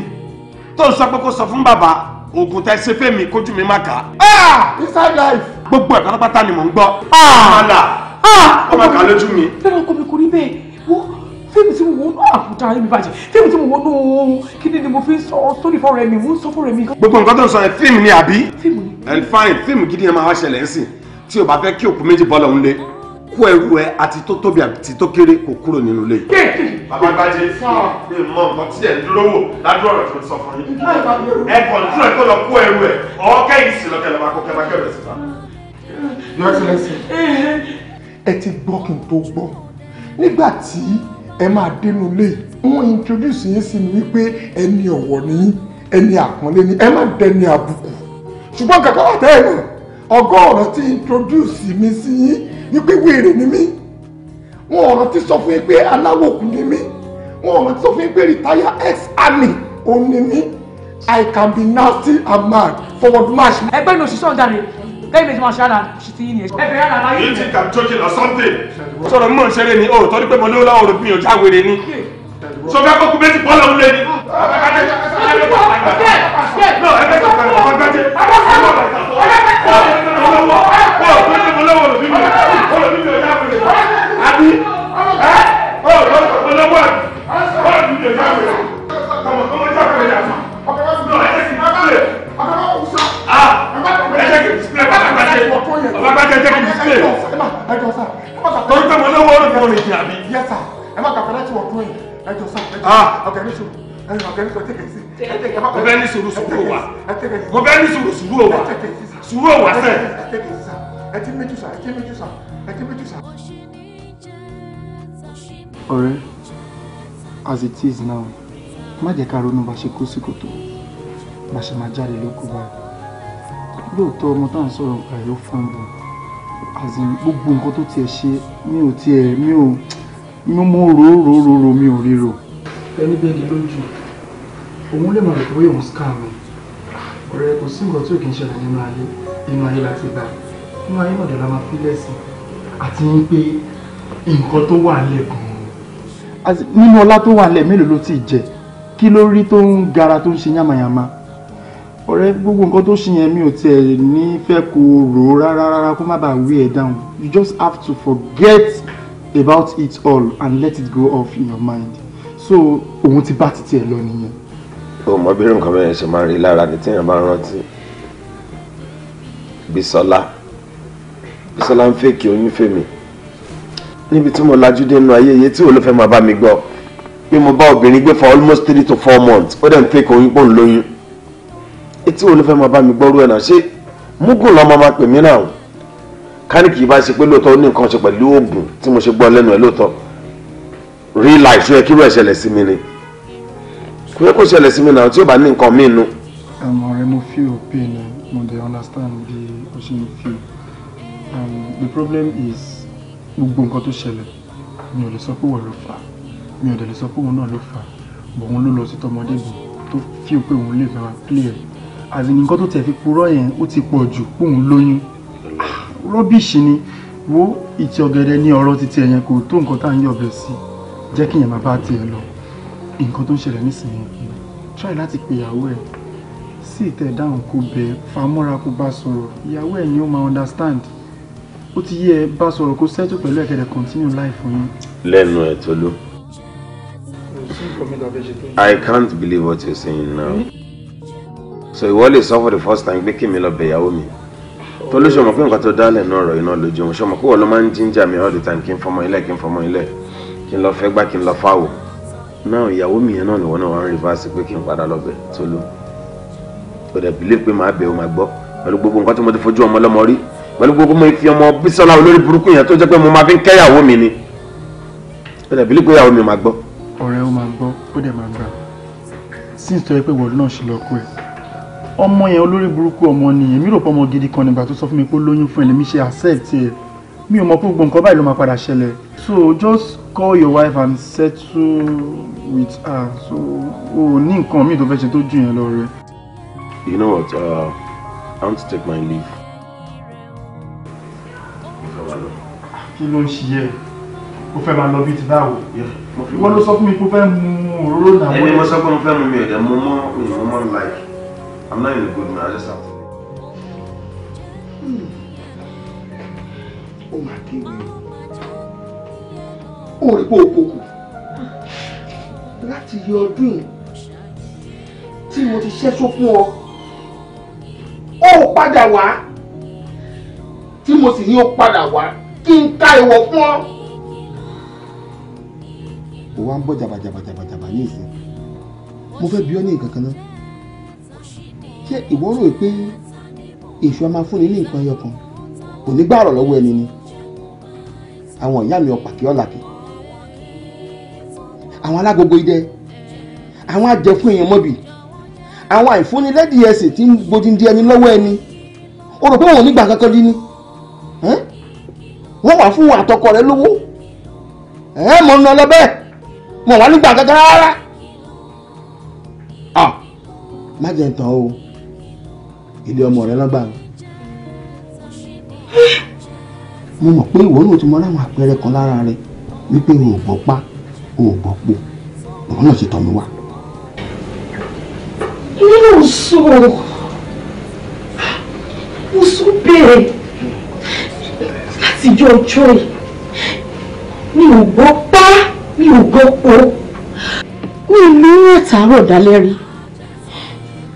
tó ń sọ pé kó sọ fún bàbá oògùn tẹ ṣe fẹ́mi kójú mi má kà á. Ah! inside life. gbogbo ẹ̀ pátápátá ni mò ń gbọ́. ọmọlà ah! ah! ọmọ kà lójú mi. fẹ́ràn ọkọ mi kò rí bẹ́ẹ̀ wọ́n fíìmù tí mo wọ́n náà àkùtà ẹ̀mí bàjẹ́ fíìmù tí mo wọ́n náà wọ́n kí ni mo fi sọ sórí fọ́ọ̀rọ̀ ẹ̀mí mo ń sọ fọ́ọ̀rọ̀ ẹ̀mí. gbogbo nǹkan tó ń sọ yẹn fíìmù ni àbí. fíìmù ni. and fine fíìmù gidi yẹn máa wá ṣẹlẹ̀ ń sìn tí o bá fẹ́ kí òkú méjì bọ́ lọ́hún lé kó ẹrù ẹ àti tó tóbi àti tó kéré kò kúrò nínú ilé. bàbá gbajẹ mi mọ nǹkan tí ẹ ń dúró wò lájú ọ̀rọ̀ tó ń sọ fún yín. ẹ kàn tún ẹ kó lọ kó ẹrù ẹ ọkẹ yìí sì lọkẹ lọba kó kẹba kẹrù ẹ síta. ẹ ti gbọ́ kí n tó gbọ́ nígbà tí ẹ máa dénú ilé wọn introduce yín sí mi wípé ẹni ọ̀wọ̀ ni ẹni àpọ́nlé ni ẹ má dẹni àbùkù ṣùgbọ́n kàkà wà ẹ̀ náà ọgọ́ ti introduce mi sí yín wípé wèrè ni mí wọn ò rántí sọ fún yín pé aláwòkù ni mí wọn ò rántí sọ fún yín pé retire ex army òun ni mí i can be nasty and mad forward march. ẹgbẹ́ ní òṣìṣẹ́ ọ̀dà rẹ̀ lẹ́yìn méjì máa ṣe àdá ṣì ti yín ni. ẹ bẹ̀rẹ̀ àdá yìí. you think I'm joking or something. sọ̀rọ̀ mọ̀ ń ṣeré ni o torí pé mo ní láwọn òrò gbìyànjú àwèrè ni. sọ fẹ́ kókú méjì bọ́ọ̀lù òun lé ni. ọ̀rọ̀ mi àbí ẹ ọ lọ sọ pé lọ́wọ́ àbí ọ àbí lè jáwé ọmọ tó ń jáwé yà sọ ọkọ wa sọ ẹ sì máa lè ọkọ wa kù sọ a ẹ jẹ kí display bá bá jẹ bá bá jẹ jẹ kí display torí pé mo lọ́wọ́ ọ̀rọ̀ kan rìn jìn àbí. ẹ má kàfẹ́ láti wọ̀ kúrò yìí ẹ jọ sọ ẹ jọ ọkẹ ní sùúrù ẹ jọ ọkẹ ní sùúrù tẹkẹ sí mo bẹ ní sùúrù sùúrù wa mo bẹ ní sùúrù sùúrù wa sùúrù wa sẹ. ẹ ti méjì sá ẹ ti méjì sá ẹ ti méjì sá ọ̀rẹ́ as it is now má jẹ́ ká ronú bá ṣe kó sí kòtò bá ṣe máa jáde lóko báyìí lóòótọ́ ọmọ tá à ń sọ̀rọ̀ nípa ẹ̀yọ́ fún un àti gbogbo nǹkan tó tiẹ̀ ṣe mi ò tiẹ̀ mi ò mi mo rò rò rò rò mi ò ríro. ẹni bẹ́ẹ̀ ni lójú òun lè mọ̀ rẹ̀ pé òun scam mi ọ̀rẹ́ kò sí nǹkan tí ò kì ṣẹlẹ̀ nínú ayé inú ayé láti gbà inú ayé mọ̀dọ̀ la máa fi lẹ́sìn àti pé nǹkan tó wà lẹ́kùn nínú ọlá tó wà nílẹ̀ mélòó ló ti jẹ kí ló rí tó ń gara tó ń ṣe yàmàyàmà ọ̀rẹ́ gbogbo nǹkan tó ṣe yẹn mi ò tiẹ̀ ní fẹ́ kó rò ó rárá rárá kó má bàa wear down you just have to forget about it all and let it go off in your mind so òun ti bá títí ẹ lọ nìyẹn. o mọ bí irú nǹkan bẹ́ẹ̀ ṣe máa ń rí lára ni téèyàn bá rántí Bisola Bisola ń fèkì oyún fèmí níbi tí mo lajú dé nínú ayé iye tí wo ló fẹ́ máa bá mi gbọ́ pé mo bá obìnrin gbé for almost three to four months ó dẹ̀ ń fẹ́ kó oyún pò ń lóyún etí wo ló fẹ́ máa bá mi gbọ́rú ẹ̀ náà ṣé mugun lọ́mọ máa pè mí náà káníkì bá ṣe pé lóòótọ́ ó ní nǹkan ṣe pẹ̀lú oògùn tí mo ṣe gbọ́ lẹ́nu ẹ̀ lóòótọ́ real life ṣó yẹ kí irú ẹ̀ ṣẹlẹ̀ sí mi ni kò yẹ kó ṣẹlẹ̀ sí mi náà tí ó bá ní nǹkan mí nu. àmọ́ rẹ mo fi òpin ni mo dey understand bí o ṣe ń fi um, the problem is gbogbo nǹkan tó ṣẹlẹ̀ mi ò lè sọ pé wọ́n ló fà mi ò dẹ̀ lè sọ pé òun náà ló fà bọ̀ òun ló lọ sí tọmọdé bò tó fi pé òun lè fẹ́ clear àti nǹkan tó tẹ̀ fi purọ́ yẹn ó ti pọ̀ jù pé òun lóyún ah, rọ́bìṣì ni wo ìtì ọ̀gẹ̀dẹ̀ ní ọ̀rọ̀ títí ẹ̀yẹn kò tó nǹkan tá à ń yọ̀bẹ̀ sí jẹ́ kí yẹn máa bá tiẹ̀ lọ nǹkan tó ń ṣẹlẹ̀ nísìnyí try láti ó ti yé ẹ bá sọ̀rọ̀ kó sẹ́tù pẹ̀lú ẹ̀kẹ́dẹ̀ continue life fún yín. lẹ́nu ẹ̀ tó ló. I can't believe what you're saying now. so ìwọ lè sọ for the first time pé kí mi lọ bẹ̀yàwó mi tó ló ṣọmọ pé nǹkan tó dálẹ̀ náà ọ̀rọ̀ iná lójú wọn ṣọmọ pé wọ́n ló máa ń jíjà mi all the time kí n fọmọ ilẹ̀ kí n fọmọ ilẹ̀ kí n lọ fẹ́ gbá kí n lọ fáwò náà ìyàwó mi yẹn náà ni wọ́n náà wọ́n ń rìvásì pé kí n padà lọ bẹ̀ tó ló. ó dẹ̀ bìlíf pé màá bẹ̀ ọ́ màá gbọ́ pẹ̀lú gbogbo nǹkan tí mo ti fojú ọmọ lọ́mọ rí pẹ̀lú gbogbo mo fi ọmọ bísọ́lá olórí burúkú yẹn tó jẹ́ pé mo máa fi ń kẹ́yàwó mi ni ó dẹ̀ bílí gbéyàwó mi máa gbọ́. ọ̀rẹ́ ó máa gbọ́ ó dẹ̀ máa gbà since tó pé wọ́ọ̀dù náà ṣe lọ kú ẹ̀ ọmọ yẹn olórí burúkú ọmọ ni èmi rò pé ọmọ gidi kan nígbà tó sọ fún mi pé lóyún fún ẹ ṣe accept ẹ mi ò mọ pé gbogbo nǹkan báyìí ló máa padà ṣẹlẹ̀ so just call your wife and settle with her so o ní nǹkan míì tó fẹ́ ṣe tó jù yẹn lọ rẹ. you know what uh, i want to take my leave. kí ló ń ṣe ẹ o fẹ́ máa lọ bí ti báwo wọ́n ló sọ fún mi pé fẹ́ mu òróró náà. ẹni mo sọ pé mo fẹ́ mu mi ẹ̀dá mo mọ ìwọ̀n mọ́ like I'm not in a good mood I just have to. Hmm. ó máa kí mi ó rí pé òkú kù láti yọ ọdún tí mo ti ṣẹ́ṣọ́ fún ọ ó padà wá tí mo sì ní ó padà wá kí n ka ìwọ̀ fún ọ. mo wá ń bọ̀ jàbàjàbàjàbàjàbà ní ìsìn mo fẹ́ bi ọ́ ní nǹkan kan náà ṣé ìwọ rò pé èṣù máa fúnni ní nǹkan ẹyọ kan kò ní gbàrọ̀ lọ́wọ́ ẹni ni àwọn ìyá mi ọ̀pàkì ọ̀làkì àwọn alágogo idẹ àwọn ajẹfún èèyàn mọ́bì àwọn àìfúnnilẹ́dìí ẹ̀sìn tí ń gbodindi ẹni lọ́wọ́ ẹni o rò pé wọn ò ní gbà kankan dín ní wọ́n wà fún àtọkọ rẹ lówó ẹ̀ mọ̀ ń lọ bẹ́ẹ̀ mọ̀ wá nígbà kankan rárá à má o ilé ọmọ rẹ lọ́gbà o mo mọ̀ pé ìwọ náà ti mọ láwọn àpẹẹrẹ kan lára rẹ wípé o ò pa o ò po òun náà ti tọ̀ mí wá. nínú sùn mo sùn bẹ́ẹ̀ àtijọ́ ọjọ́ yìí mi ò gbọ́ pá mi ò gbọ́ po mi ò ní àtàárọ̀ dálẹ́rí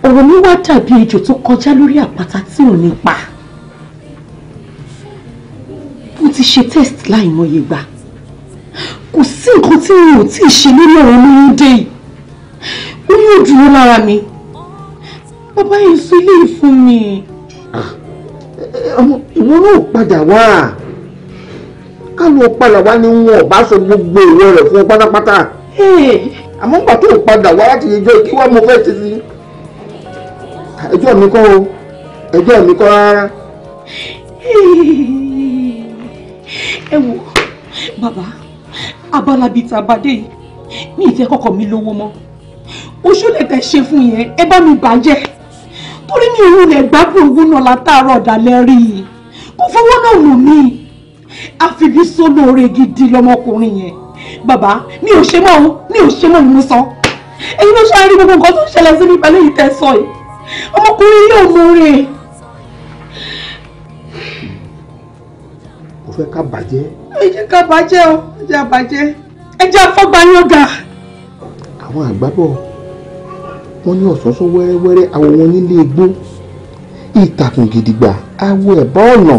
ọ̀rọ̀ mi wá dàbí ejò tó kọjá lórí àpáta tí ò ní pa mo ti ṣe test láìmọye gbà kò sí nǹkan tí mi ò tí ì ṣe nínú ọ̀rọ̀ lóyún dé yìí ó dúró lára mi bàbá yìí sọ ilé ìfún mi. Ah, ọmọ ìwọ náà padà wá kálù ọ̀padà wá ní wọn ọ̀bá sọ gbogbo ìwé rẹ̀ fún pátápátá àmọ́ nígbà tó padà wá láti ẹjọ́ kí wá mo fẹ́ ti si ẹjọ́ mi kọ́ o ẹjọ́ mi kọ́ rárá. ẹ wo bàbá abalabi tá a bá dé yìí mi ìfẹ́ kọ́kọ́ mi lówó mọ́ oṣùlẹ̀ tẹ̀ ṣe fún yẹn ẹ bá mi bàjẹ́ torí mi ò rúlẹ̀ gbádùn owó náà látàárọ̀ ọ̀dàlẹ̀ rí i kò fọwọ́ náà lù mí àfibísólóore gidi lọmọkùnrin yẹn bàbá mi ò ṣe mọ́ o mi ò ṣe mọ́ ni mo sọ èyí ló ṣe àárín gbogbo nǹkan tó ń ṣẹlẹ̀ sí mi pẹ̀lú ìtẹ̀sọ yìí ọmọkùnrin yóò mú rè. mo fẹ́ ká bàjẹ́. ẹ jẹ́ ká bàjẹ́ o ẹ jẹ́ àbàjẹ́ ẹ jẹ́ afọ́gbáyán ga. àwọn àgbábọ̀ wọ́n ní ọ̀sán sọ wẹ́rẹ́wẹ́rẹ́ àwọn wọn nílé igbó ìtàkùn gidigba awọ ẹ̀bá ọ̀nà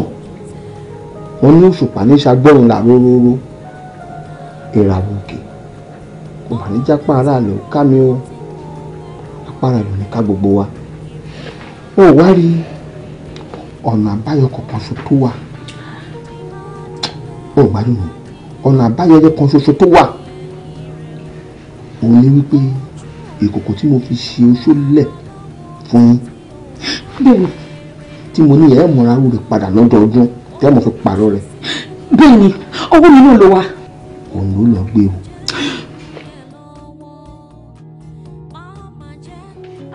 wọ́n ní òṣùpá ní ṣagbọ́run là róróró ìràwọ̀ òkè kò mà ní jápá aráàlú ká mi ó apára ìlú ní ká gbogbo wa ó wá rí ọ̀nà àbáyọ kọ̀ọ̀kan ṣo tó wà ó wá rí mi ọ̀nà àbáyọ kan ṣoṣo tó wà òun ni wípé ìkòkò tí mo fi ṣe oṣó lẹ̀ fún yín tí mo ní ẹ̀ mọ̀ra rú rẹ̀ padà lọ́dọọdún tẹ́ mo fi pààrọ̀ rẹ̀. bẹ́ẹ̀ ni ọwọ́ mi náà ló wà. òun ló lọ gbé o.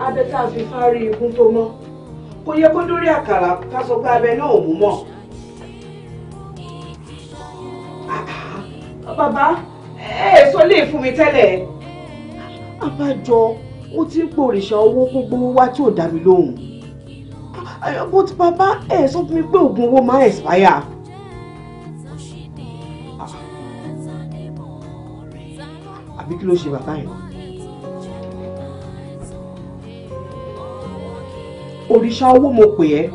abẹ tá a fi fárí igun tó mọ́ kò yẹ kó dórí àkàrà ká sọ pé abẹ náà ò mú mọ́. bàbá ẹ ẹ sọ lè fún mi tẹ́lẹ̀. abájọ ó ti ń pòrìṣà owó gbogbo wá tí ò dá mi lóhùn but bàbá ẹ̀ sọ fún mi pé oògùn owó máa expire. Ah. àbí kí ló ṣe bàbá yẹn. òrìṣà owó mo pè ẹ́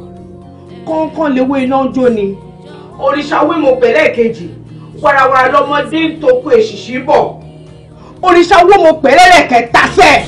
kọ́ńkọ́n lewé iná ń jó ni òrìṣà owó mo pè lẹ́ẹ̀kejì warawara lọmọdé ń tokú èṣìṣì bọ̀ òrìṣà owó mo pè lẹ́ẹ̀kẹta sẹ́ẹ̀.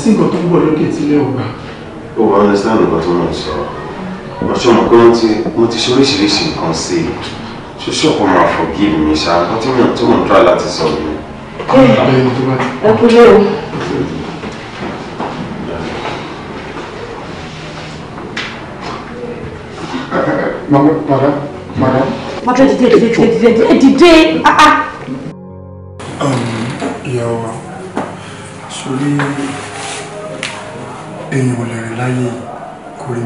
sí nǹkan tó ń bọ̀ lókè tílé ọgbà. ó wà ọ́nà sáà nǹkan tó ń sọ ọ̀ṣọ́ mọ̀ pé wọ́n ti ṣe oríṣiríṣi nǹkan sí i ṣoṣo ọ̀pọ̀ máa forgive mi ṣá nǹkan tí mo tó ń dúrà láti sọ mi. ẹ kúlé o. mama mama mama. mama dìde dìde dìde dìde dìde ah ah. láyé kò rí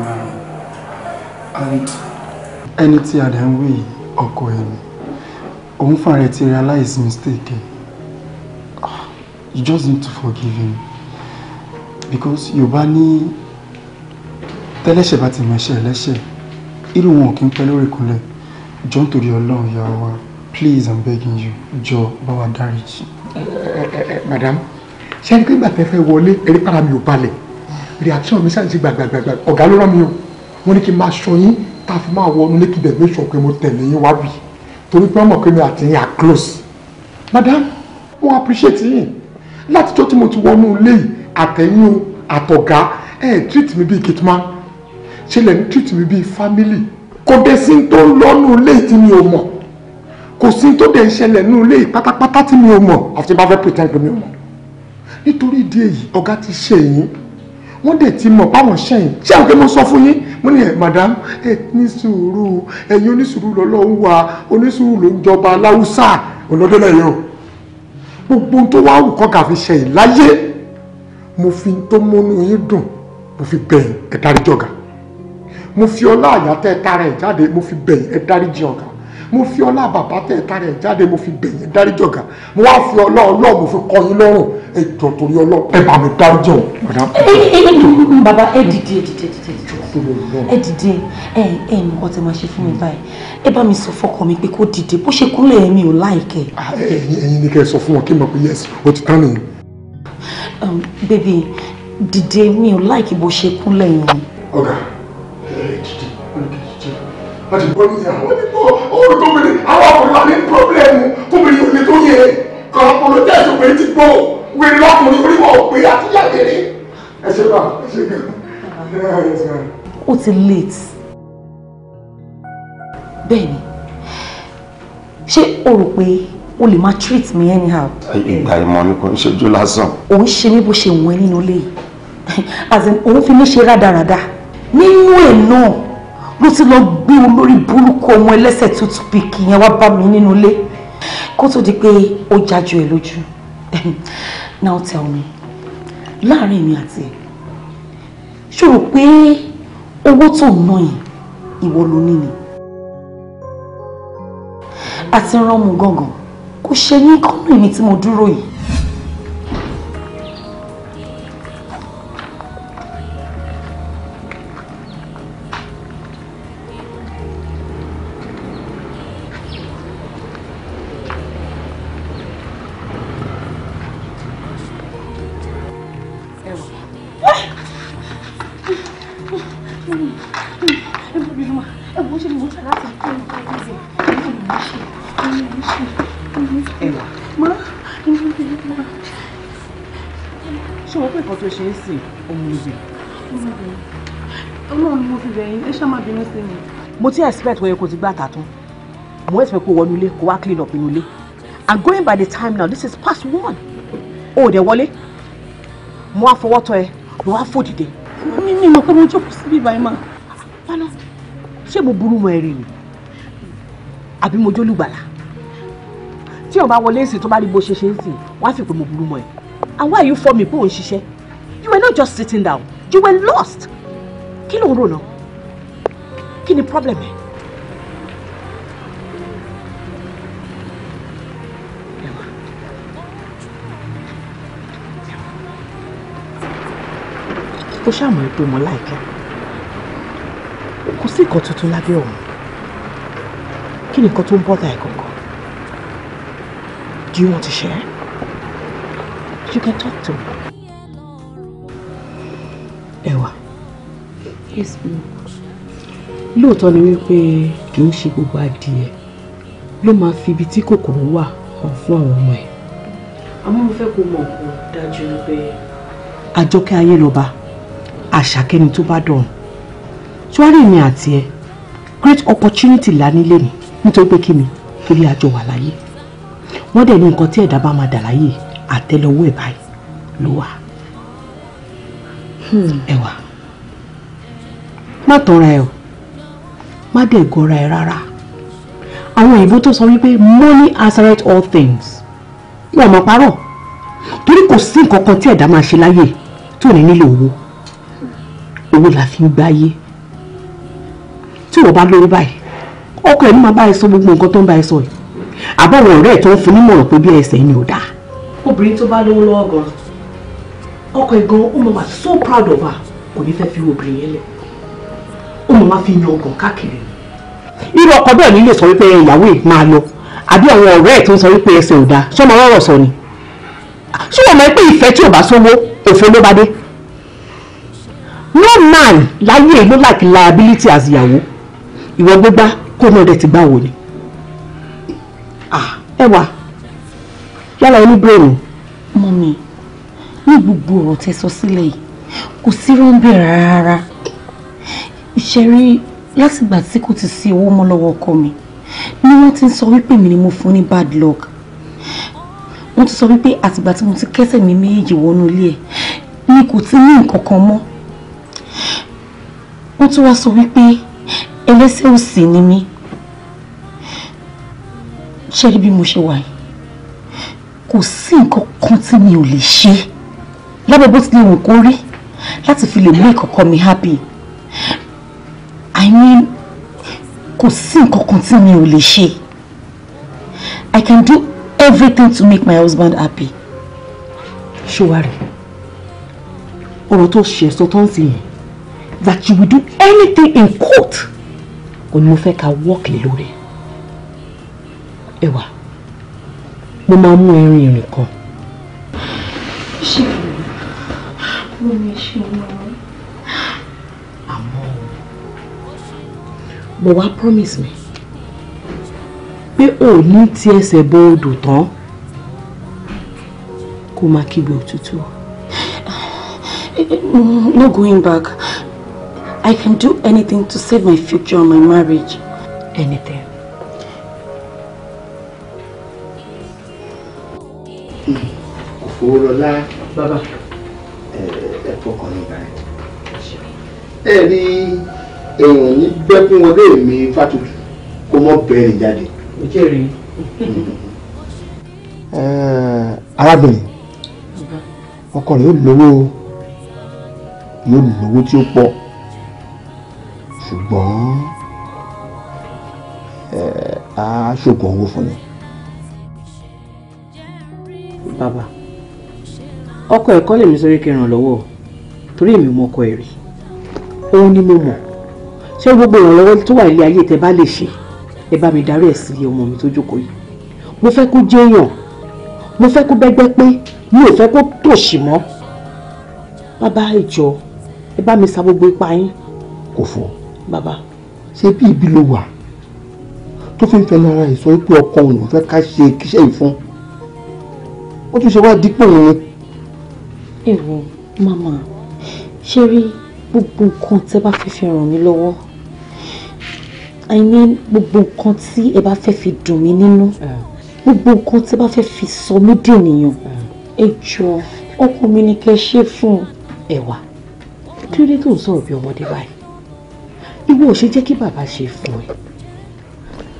and ẹni tí a dẹ̀ ń wí ọkọ ẹni òun fà ti realize mistake ah, you just need to forgive him because yorùbá ní tẹ́lẹ́ṣẹ̀ bá ti mọ̀ ẹ̀ṣẹ̀ ẹlẹ́ṣẹ̀ irú wọn ò kí ń pẹ́ lórí ìkúnlẹ̀ jọ nítorí ọlọ́run ìyá wa please i'm begging you jọ bá wa dáríjì. madam ṣé ẹni pé ìgbà tẹ́ fẹ́ wọlé erékàrà mi ò balẹ̀ reaction mi sáyẹn sí gbàgbàgbàgbà ọ̀gá ló rán mi o wọ́n ní kí n máa sọ tá a fi máa wọnú lé kí bẹ̀ mí sọ pé mo tẹ̀lé yín wá torí pé ọmọ pé mi àti yín are close madam wọ́n appreciate yín látijọ́ tí mo ti wọnú ilé yìí àtẹ̀yìn o àtọ̀gá ẹ̀ treat mi bíi kìtìmá ṣe ń treat mi bíi family kò dé sí tó ń lọ́nú ilé yìí tí mi ò mọ̀ kò sí tó dé ń ṣẹlẹ̀ nú ilé yìí pátápátá tí mi ò mọ̀ àfi tí n bá fẹ́ pretend pé mi ò mọ̀ nítorí ìdí èyí ọ̀gá ti ṣe yín wọ́n dẹ̀ ti mọ̀ báwọn ṣe yìí ṣé àwọn kẹ́ mọ́ sọ fún yín mo ní ẹ̀ eh, madam ẹ ní sùúrù ẹ̀yin onísùúrù lọ́lọ́run wa onísùúrù ló ń jọba láwùsà ọlọ́dọ́lẹ̀ yìí o gbogbo tó wá wù kọ́ gàfi ṣe yìí láyé mo fi tó múnú yín dùn mo fi bẹ̀yìn ẹ̀ dáríjì ọ̀gá mo fi ọlá àyàtẹ̀ tara ẹ̀ jáde mo fi bẹ̀yìn ẹ̀ dáríjì ọ̀gá mo fi ọlá bàbá tẹ̀ tara ẹ̀ jáde mo fi bẹ̀yìn dáríjọ ga mo wá fi ọlá ọlọ́ọ̀ mo fi kọ yín lọ́rùn ẹ jọ torí ọlọ́ ẹ bá mi dáríjọ òun. bàbá ẹ dìde ẹ dìde ẹ dìde ẹ ẹ nǹkan tẹ máa ṣe fún mi báyìí ẹ bá mi sọ fọkọ mi pé kó dìde bó ṣe kúnlẹ̀ mi ò láìkẹ́. Ah, ẹ̀yin ni kẹ́ ẹ sọ fún wọn kí n mọ̀ pé yẹ́sì ó ti tán nìyẹn. Um, bébì dìde mi ò láìkí bó ṣe kúnlẹ̀ yẹn. ọ̀gá ẹ dìde wọ́n gbọ́ nìyẹn wọ́n ti tó bèrè àwọn ọkùnrin wa ní pírọ́blẹ́mù tó bèrè òní tó yẹ kàn ọ̀pọ̀lọ́ jẹ́ ẹ̀sùn pé ti gbọ́ wèrè lọ́kùnrin orí pé àti yà ẹ ṣe bá ẹ ṣe gbà. ó ti late bẹ́ẹ̀ni ṣé o rò pé o lè máa treat me anyhow. ìgbà ìmọ̀ mi kò ń ṣojú lásán. òun ṣe mí bó ṣe wọ́n nínú ilé yìí as in òun fi mí ṣe rádaràda nínú ẹ̀ náà ló ti lọ gbé olórí burúkú ọmọ ẹlẹ́sẹ̀ tútù pìkì yẹn wá bá mi nínú ilé kó tó di pé ó jájú ẹ lójú [LAUGHS] now tell me láàrin èmi àti ẹ ṣó rò pé owó tó ń ná yẹn ìwọ ló ní ni àti rán mu gángan kò ṣe ní kọ́nà èmi tí mo dúró yìí ti expect wọ́n yẹ kó ti gbá àtà tán mo expect kó wọnú ilé kó wá clean up inú ilé and going by the time now this is past one o ò dẹ̀ wọlé mo wá fọwọ́ tọ́ ẹ mo wá fò dìde. mi mi mọ̀ pé mo jókòó síbí báyìí mà. paná ṣé mo burú mọ ẹ̀rì ni àbí mo jólùgbàlà tí o bá wọlé ìsìn tó bá rí bó ṣe ṣe ń sìn wá fi pé mo burú mọ ẹ and why you for me pé ò ń ṣiṣẹ́ you were not just sitting down you were lost kí ló ń rò náà kí ni problem ẹ. kò ṣàmọ̀ ẹ pé mo láìkẹ́ kò sí nǹkan tuntun lábẹ́ ọ̀hún kí ni nǹkan tó ń bọ́dà ẹ̀ kankan do you want to share you can talk to me. Ẹwà. yes ma'am lóòótọ́ ni wípé kì í ṣe gbogbo adìẹ ló máa fi ibi tí kòkòrò wà hàn fún àwọn ọmọ ẹ̀. àmọ́ mo fẹ́ kó mọ̀ kó dájú pé. àjọkẹ́ ayé lọ́ba àṣàkẹ́ni tó bá dọ̀rùn tíwárí mi àti ẹ great opportunity là nílé mi nítorí pé kí mi torí àjọ wà láyé wọ́n dẹ̀ ní nǹkan tí ẹ̀dá bá máa dà láyé àtẹ́lẹwọ́ ẹ̀ báyìí ló wà. Hmm. ẹwà má tọra ẹ o má dẹ̀ gọra ẹ̀ rárá àwọn òyìnbó tó sọ wípé money answers all things wọn mọ̀ parọ́ torí kò sí nǹkan kan tí ẹ̀dá máa ṣe láyè tó ní nílò owó owó la fi ń gbáyé tí wọ́n bá lórí báyìí ọkọ ẹ̀ ló máa bá ẹ sọ gbogbo nǹkan tó ń bá ẹ sọ yìí àbáwọn ọ̀rẹ́ ẹ̀ tó ń fún nímọ̀ràn pé bí ẹsẹ̀ ni ò dáa. obìnrin tó bá lówó lọ́wọ́ gan-an ẹ̀ gan ó máa wà so proud of her kò ní fẹ́ fi obìnrin yẹn lẹ̀ ó mọ̀ máa fi yan ọkàn káàkiri ni. irú ọkọ bẹ́ẹ̀ ni lè sọ wípé ìyàwó ẹ̀ máa lọ àbí àwọn ọ̀rẹ́ ẹ̀ tó ń sọ wípé ẹsẹ̀ ò dáa ṣọmọ ọ̀rọ̀ sọ ni. ṣé wọ́n mọ̀ pé ìfẹ́ tí ò bá sówó òfin ló bá dé. no man láyé ló like liability as ìyàwó ìwọ gbégbá kó náà dẹ̀ ti gbá wò ni. Ah, ẹ wà yálà inú bírèmù. mọ́mi ní gbogbo ọ̀rọ̀ tẹ́ sọ sílẹ̀ yìí kò sí rọ́ńbẹ̀ rárá ṣe rí látìgbà tí kò ti sí owó mọ́ lọ́wọ́ ọkọ mi ni wọ́n ti ń sọ wípé mi ni mo fún ní bad luck wọ́n ti sọ wípé àtìgbà tí mo ti kẹ́sẹ̀ mi méjèèjì wọnú ilé ẹ̀ ni kò ti ní nǹkan kan mọ́ wọ́n tún wá sọ wípé ẹlẹ́sẹ̀ òsì ni mí ṣe rí bí mo ṣe wà yìí kò sí nǹkan kan tí mi ò lè ṣe lábẹ́ bó ti lè wù kó rí láti fi lè mú ẹ̀kọ́kọ́ mi happy. I mean kò sí nǹkan kan tí mi ò lè ṣe I can do everything to make my husband happy. ṣùwárì ọ̀rọ̀ tó ṣe sọ tó ń sìn yẹn that you will do anything in court kò ní mo fẹ́ ka work lè lórí ẹwà mo máa mú ẹrin ìrìn kan. ṣé mo ní ṣe wọ́n. But wá promise me. pé ò ní ti ẹsẹ̀ bọ odò tán kó máa kígbe òtútù. No going back. I can do anything to save my future and my marriage. Anything. Òfòrọ̀lá Baba. ẹ fọkàn nípa ẹ. Ẹ rí i ẹ̀wọ̀n ní bẹ́kún wọlé mi fàtútù kó mọ́ bẹ́ẹ̀rẹ̀ jáde. o jẹ́ rí. [LAUGHS] arábìnrin ọkọ rẹ̀ yóò lówó yóò lówó tí ó pọ̀ ṣùgbọ́n a ṣògùn owó fún ni. bàbá ọkọ ẹ̀kọ́ lèmi sọ pé kí n ràn lọ́wọ́ torí èmi mọ ọkọ ẹ̀ rí òun ni mo mọ̀ ṣé gbogbo ìrànlọ́wọ́ tó wà nílé ayé tẹ bá lè ṣe ẹ bá mi darí ẹ̀ sílé ọmọ mi tó jókòó yìí mo fẹ́ kó jẹ́yàn mo fẹ́ kó bẹ́gbẹ́ pé mi ò fẹ́ kó tòṣì mọ́ bàbá ìjọ ẹ bá mi sa gbogbo ipá yín. kò fọ bàbá. ṣé bí ibi ló wà tó fi ń fẹ́ lára ẹ̀ sọ pé ọkọ òun ló fẹ́ ká ṣe kíṣẹ́ yìí fún ó tún ṣe wá dípò òun. èrò màmá ṣe rí gbogbo nǹkan tẹ́ bá fi fi ràn mí lọ́wọ́ i mean gbogbo nǹkan tí ẹ bá fẹ́ fi dùn mí nínú ah. gbogbo nǹkan tí ẹ bá fẹ́ fi sọ mí dènìyàn ah. ẹ jọ ọkọ mi ni kẹ́ ṣe fún ẹwà kí ló dé tó ń sọ̀rọ̀ bí ọmọdé báyìí ìwọ ò ṣe jẹ́ kí bàbá ṣe fún ẹ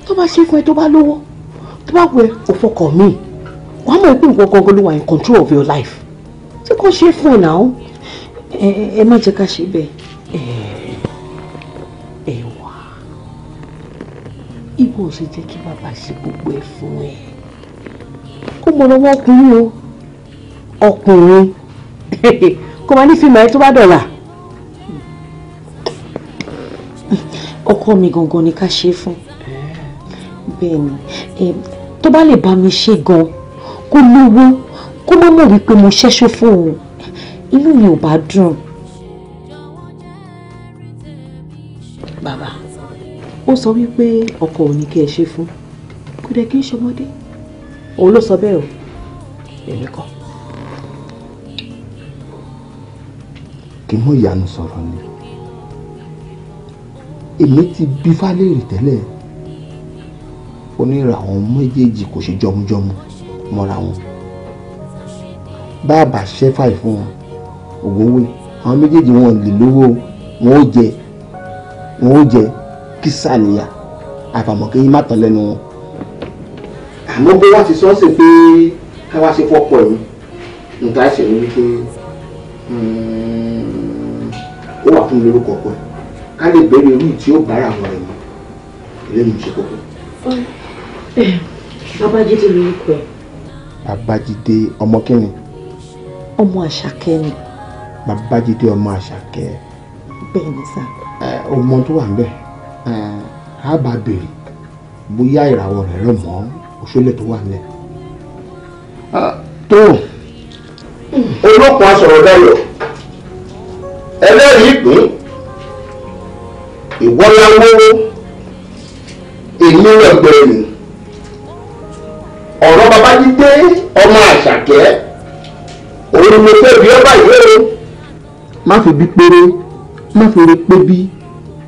tó bá ṣe fún ẹ tó bá lówó tó mi wàá mọ̀ pé nǹkan gangan ló wà in control of your life tí kò ṣe now. ẹ náà ẹ má jẹ́ ká ṣe bẹ́ẹ̀. Eh. ibo ò sì jẹ́ kí bàbá ṣe gbogbo ẹ̀ fún ẹ kó mọ lọ́wọ́ ọkùnrin o ọkùnrin kó máa ní fíìmù ẹ tó bá dọ̀là ọkọ mi gangan ni ká ṣe fún bẹ́ẹ̀ ni tó bá lè bá mi ṣe gan kó lówó kó má mọ̀ wípé mo ṣẹ́ṣọ́ fún òun inú mi ò bá dùn. sọ wípé ọkọ ò ní kí ẹ ṣe fún kó dẹ kí n ṣọmọdé òun ló sọ bẹ́ẹ̀ o èmi kọ́. kì í mú ìyanu sọ̀rọ̀ ni èmi ti bí fálẹ́rì tẹ́lẹ̀ onírà àwọn méjèèjì kò ṣe jọmújọmú mọ́ra wọn báàbà ṣẹ́fàì fún wọn ògbówó àwọn méjèèjì wọn lè lówó wọn ó jẹ wọn ó jẹ kísà nìyà àfàmọ́ kí n má tán lẹ́nu wọn. àmọ́ bó wá ti sọ́ọ́sì pé ká wá ṣe fọ́pọ̀ yìí nǹkan ẹ̀sẹ̀ ní wípé hmm, ó wà fún mi lórúkọ ọkọ ẹ̀ ká lè bẹ̀rẹ̀ irú tí ó bára àwọn rẹ̀ mọ́ eléyìí ń ṣe kókó. Babájídé lórúkọ ẹ̀. Babájídé ọmọ kínní. ọmọ àṣàkẹ́ ni. Babájídé ọmọ àṣàkẹ́. bẹ́ẹ̀ ni sá. ọmọ tó wà ń bẹ́ẹ̀ á eh, bá béèrè bóyá ìràwọ̀ rẹ̀ rọ̀ mọ́ òṣèlè tó wà nílẹ̀. Ah, tó olókun asọ̀rọ̀ dayọ̀ ẹlẹ́rìí ìpín ìwọ́láwó èmi rẹ̀gbẹ̀rù ọ̀rọ̀ babájídé ọmọ àṣàkẹ́ òun ni mo fẹ́ bí ọba ìwé o. má fi bí péré má fi rí pé bí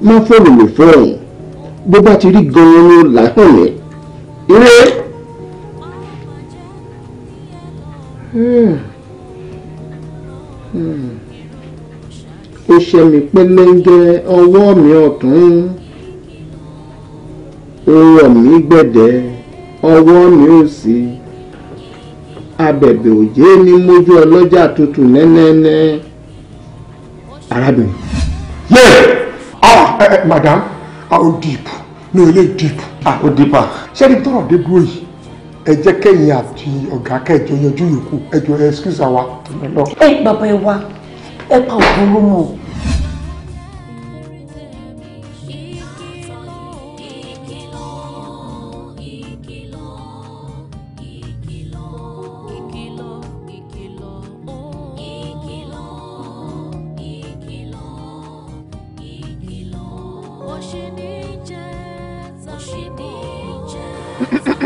má fọ̀rọ̀ lè fọ́ ọ̀hún bó bá ti rí gan-an ló làákàn yẹn eré. Hmm. Hmm. ó ṣe mí pẹ́lẹ́ngẹ́ ọwọ́ mi ọ̀tún ọwọ́ mi gbẹ̀dẹ̀ ọwọ́ mi òsì abẹ̀bẹ̀ òjé ní mójú ọlọ́jà tútù nẹ́nẹ́nẹ́ arábìnrin. Yeah! Eh, eh, madam ó dìpù ní ilé dìpù. ó dìpà. sẹ́ni tọrọ dé dúró yìí ẹ jẹ́ kẹ́yìn àti ọ̀gá kẹjọ yanjú yòókù ẹ jọ excuse àwa. ẹ bàbá ẹ wa ẹ pa ògùn ló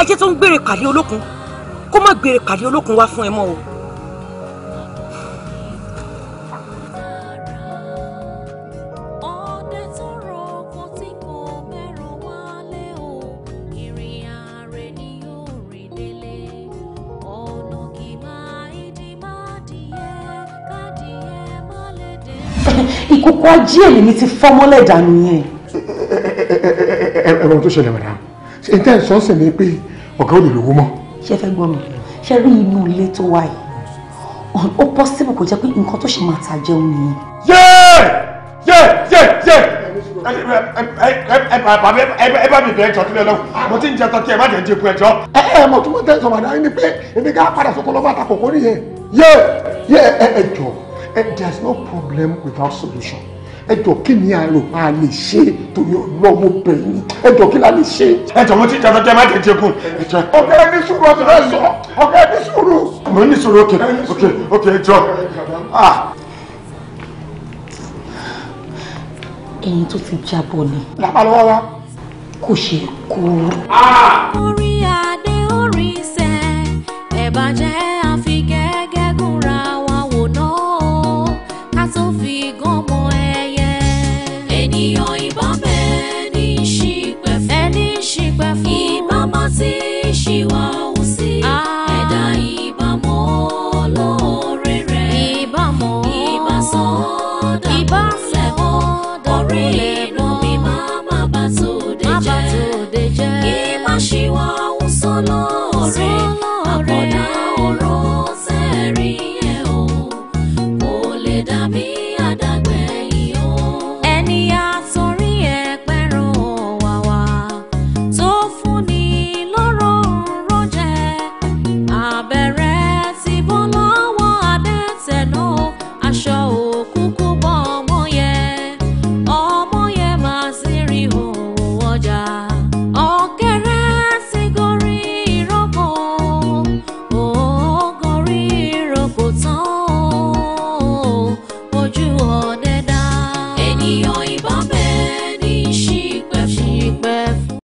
ajé tó ń gbèrè pàdé olókun kó má gbèrè pàdé olókun wá fún ẹ mọ́ o. ìkókó ajé èmi ti fọ́mọ́lẹ̀ dànù yẹn. ẹ̀rọ tó ṣẹlẹ̀ mẹ́ta ìtẹ́ ìsọ́sìn ni pé ọ̀gá ò lè lówó mọ́. ṣé fẹ́ gbọ́ mi ṣe rí inú ilé tó wà yìí ó possible kò jẹ́ pé nǹkan tó ṣe máa ta jẹun nìyẹn. yé yé yé yé ẹ bá mi bẹ̀ẹ́ jọ kílẹ̀ lọ́wọ́ mo ti ń jẹ tọ́kí ẹ má jẹ́ ń jẹ́kun ẹjọ́. ẹ ẹ mọ̀ tó mọ̀ tẹ́ sọ̀rọ̀ àdáyé ni pé èmi ká padà sóko lọ́wọ́ àtàkùn kò níyẹn yé yé ẹ ẹ jọ there is no problem without solution ẹjọ kí ni àrò a lè ṣe torí ọlọ́mọ bẹ̀rù ẹjọ kí la lè ṣe. ẹjọ mo ti jẹ fẹjẹ má tètè kù. ọgá ẹni sùúrù ọtí náà sọ ọgá ẹni sùúrù. mo ní sùúrù òkè òkè òkè ẹjọ. ẹyin tó ti jábọ́ ni. làbá lọ́wọ́ wa. kò ṣe kú. Ah. orí adé orí sẹ ẹ bàjẹ́ àfikẹ́. orí inú mi máa má bà tòde jẹ́ kí má ṣìwà òun sọ lóore àbọ̀dá ọ̀rọ̀.